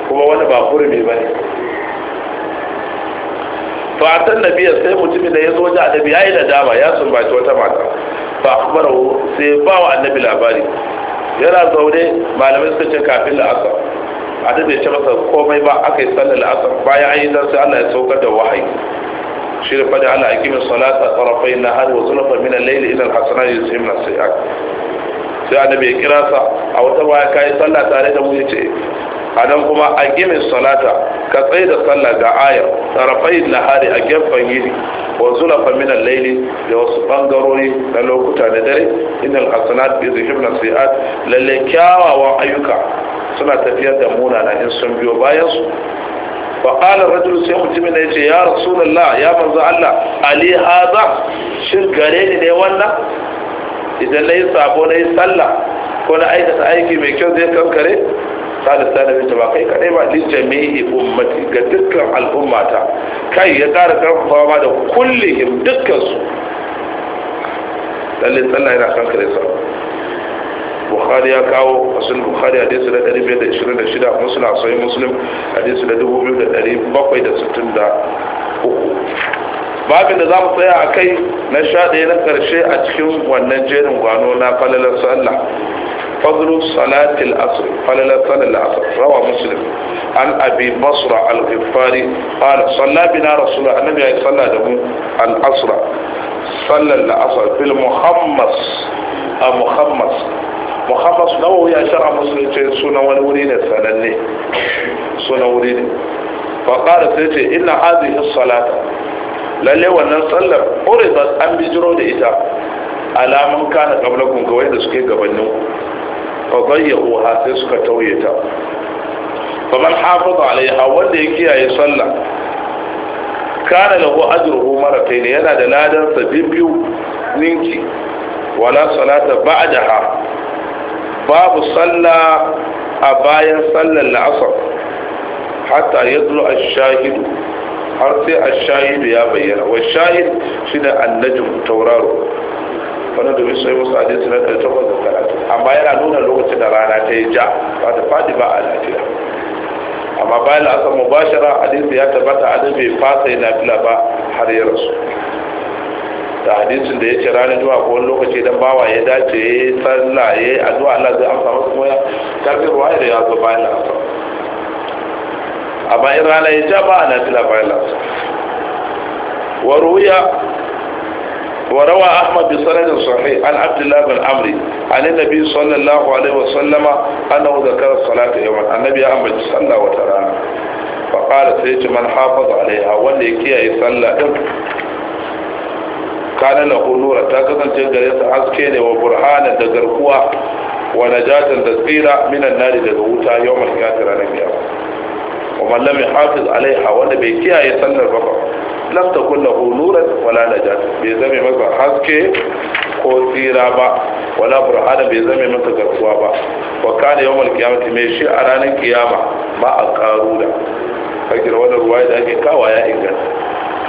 [SPEAKER 1] kuma wani ba kurmi ba ne fatan nabiya sai mutumin da ya zo wajen adabi ya yi dama ya sumbaci wata mata ba kuma sai ba wa annabi labari yana zaune malamai suka ce kafin la'asar adabi ya ce masa komai ba aka yi sallar la'asar bayan an yi dan sai Allah ya saukar da wahayi shi da fada ala akimin salata tarafai na har wa zulafa min al-layli ila al-hasana yusuf na sai'at sai annabi ya kira sa a wata baya kai sallah tare da mu A anan kuma aqimis salata ka tsaye da sallah ga ayar na nahari a gefen yini wa zulafa min al da wasu bangarori na lokuta da dare idan innal hasanat yuzhibna sayiat lalle kyawawan ayyuka suna tafiyar da munana in sun biyo bayansu. fa qala sai mutumin ya ce ya rasulullah ya manzo Allah ali hadha shin gare ni ne wannan idan nayi sabo nayi sallah ko na aikata aiki mai kyau zai kankare sada sanabi ta ba kai kaɗai ba li jami'i ummati ga dukkan al'ummata kai ya kara karfafa ma da kullihim dukkan su lalle sallah yana kankare sa bukhari ya kawo asul bukhari hadisi da 526 muslim sai muslim hadisi da 2763 babin da za mu tsaya a kai na sha ɗaya na ƙarshe a cikin wannan jerin gwano na falalar sallah fadlu salatil asr falalar sallar asr rawa muslim an abi basra al-ghifari qala salla bina rasulullah annabi ya salla da mu al-asra sallar al-asr fil muhammas a muhammas muhammas nawawi a shara musulunci sunan wani wuri ne sananne sunan wuri ne faƙaɗa sai ce ina azihin salata lalle wannan sallar ƙorifas an bijiro da ita alamun kana ƙablakun ga da suke gabanin faɗayya uha sai suka tauye ta faman hafaza alaiha wanda ya kiyaye sallah kana lahu ajruhu maratayn yana da ladan sa biyu ninki wala salata ba'daha babu salla a bayan sallar la'asar hatta yadlu a shahidu har sai ash-shahidu ya bayyana wa shahid shine annajm tauraro Wani domin sai wasu hadisi na 1830 amma yana nuna lokacin da rana ta yi ja ba ta fadi ba a lafiya amma bayan la'asar mubashara hadisi ya tabbata adam bai fasa yana fila ba har ya rasu da hadisin da ya ce ranar juma'a ko wani lokaci dan bawa ya dace ya yi sallah ya yi addu'a Allah zai amsa masa kuma ya karfi ruwa da ya zo bayan la'asar amma in rana ya ja ba a nafila bayan la'asar wa ruya وروى أحمد بسند صحيح عن عبد الله بن عمرو عن النبي صلى الله عليه وسلم أنه ذكر الصلاة يوما النبي أحمد صلى وترانا فقال سيد من wanda ya kiyaye sallah يصلى kana na nura ta kasance gare sa haske ne wa burhana da garkuwa wa najatan da tsira minan nari daga wuta mai qiyamah ranar kiyama wa mallami hafiz alaiha wanda bai kiyaye sallar ba lam ta lahu nuran wala najat bai zame masa haske ko tsira ba wala burhana bai zame masa garkuwa ba wa kana mai qiyamati mai shi a ranar kiyama ba a karuda kajira wannan ruwa da ake kawa ya inganta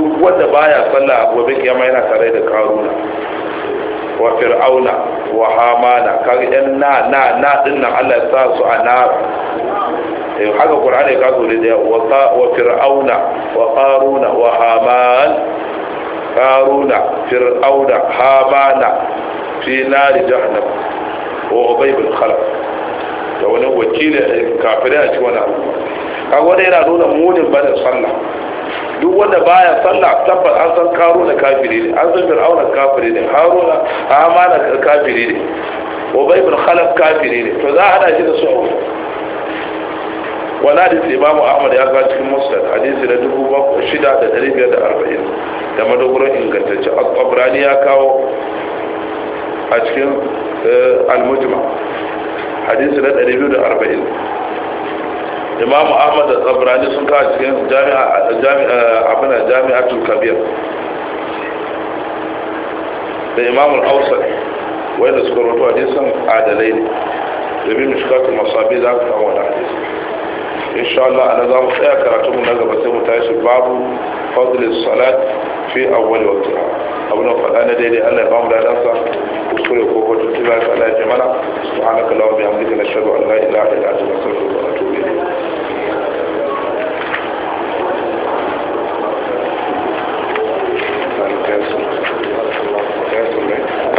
[SPEAKER 1] duk wanda baya sallah a gobe kiyama yana tare da karuna wa fir'auna wa hamana kaga yan na na na din nan Allah ya sa su a na eh haka qur'ani ka zo da wa wa fir'auna wa qaruna wa haman qaruna fir'auna hamana fi nar jahannam wa ubay bil khalq da wani wakili eh, kafirai a cikin wannan kaga wanda yana nuna munin bada sallah duk wanda baya sallah tabbas an san karo karuna kafiri ne an san fir'auna kafiri ne haruna amana kafiri ne ubay bin khalaf kafiri ne to za a hada shi da su'u wala da imam ahmad ya ga cikin musnad hadisi na shida da dari biyar da da arba'in madogoron ingantacce al-qabrani ya kawo a cikin eh, al-mujma hadisi na arba'in. imamu ahmad da tsabrani sun kawo cikin jami'a jami'atul kabir da imamu al-ausar wanda suka roto a disan adalai ne domin mishkatul masabi za ku kawo wani hadisi insha Allah ana za mu tsaya karatu mu na gaba sai mu tashi babu fadlis salat fi awwal waqtiha abu na faɗa na daidai Allah ya ba mu da dansa kuskure ko ko tuntuna ya ala ya mana subhanaka allahumma bihamdika nashhadu an la ilaha illa anta nastaghfiruka wa natubu ilayk you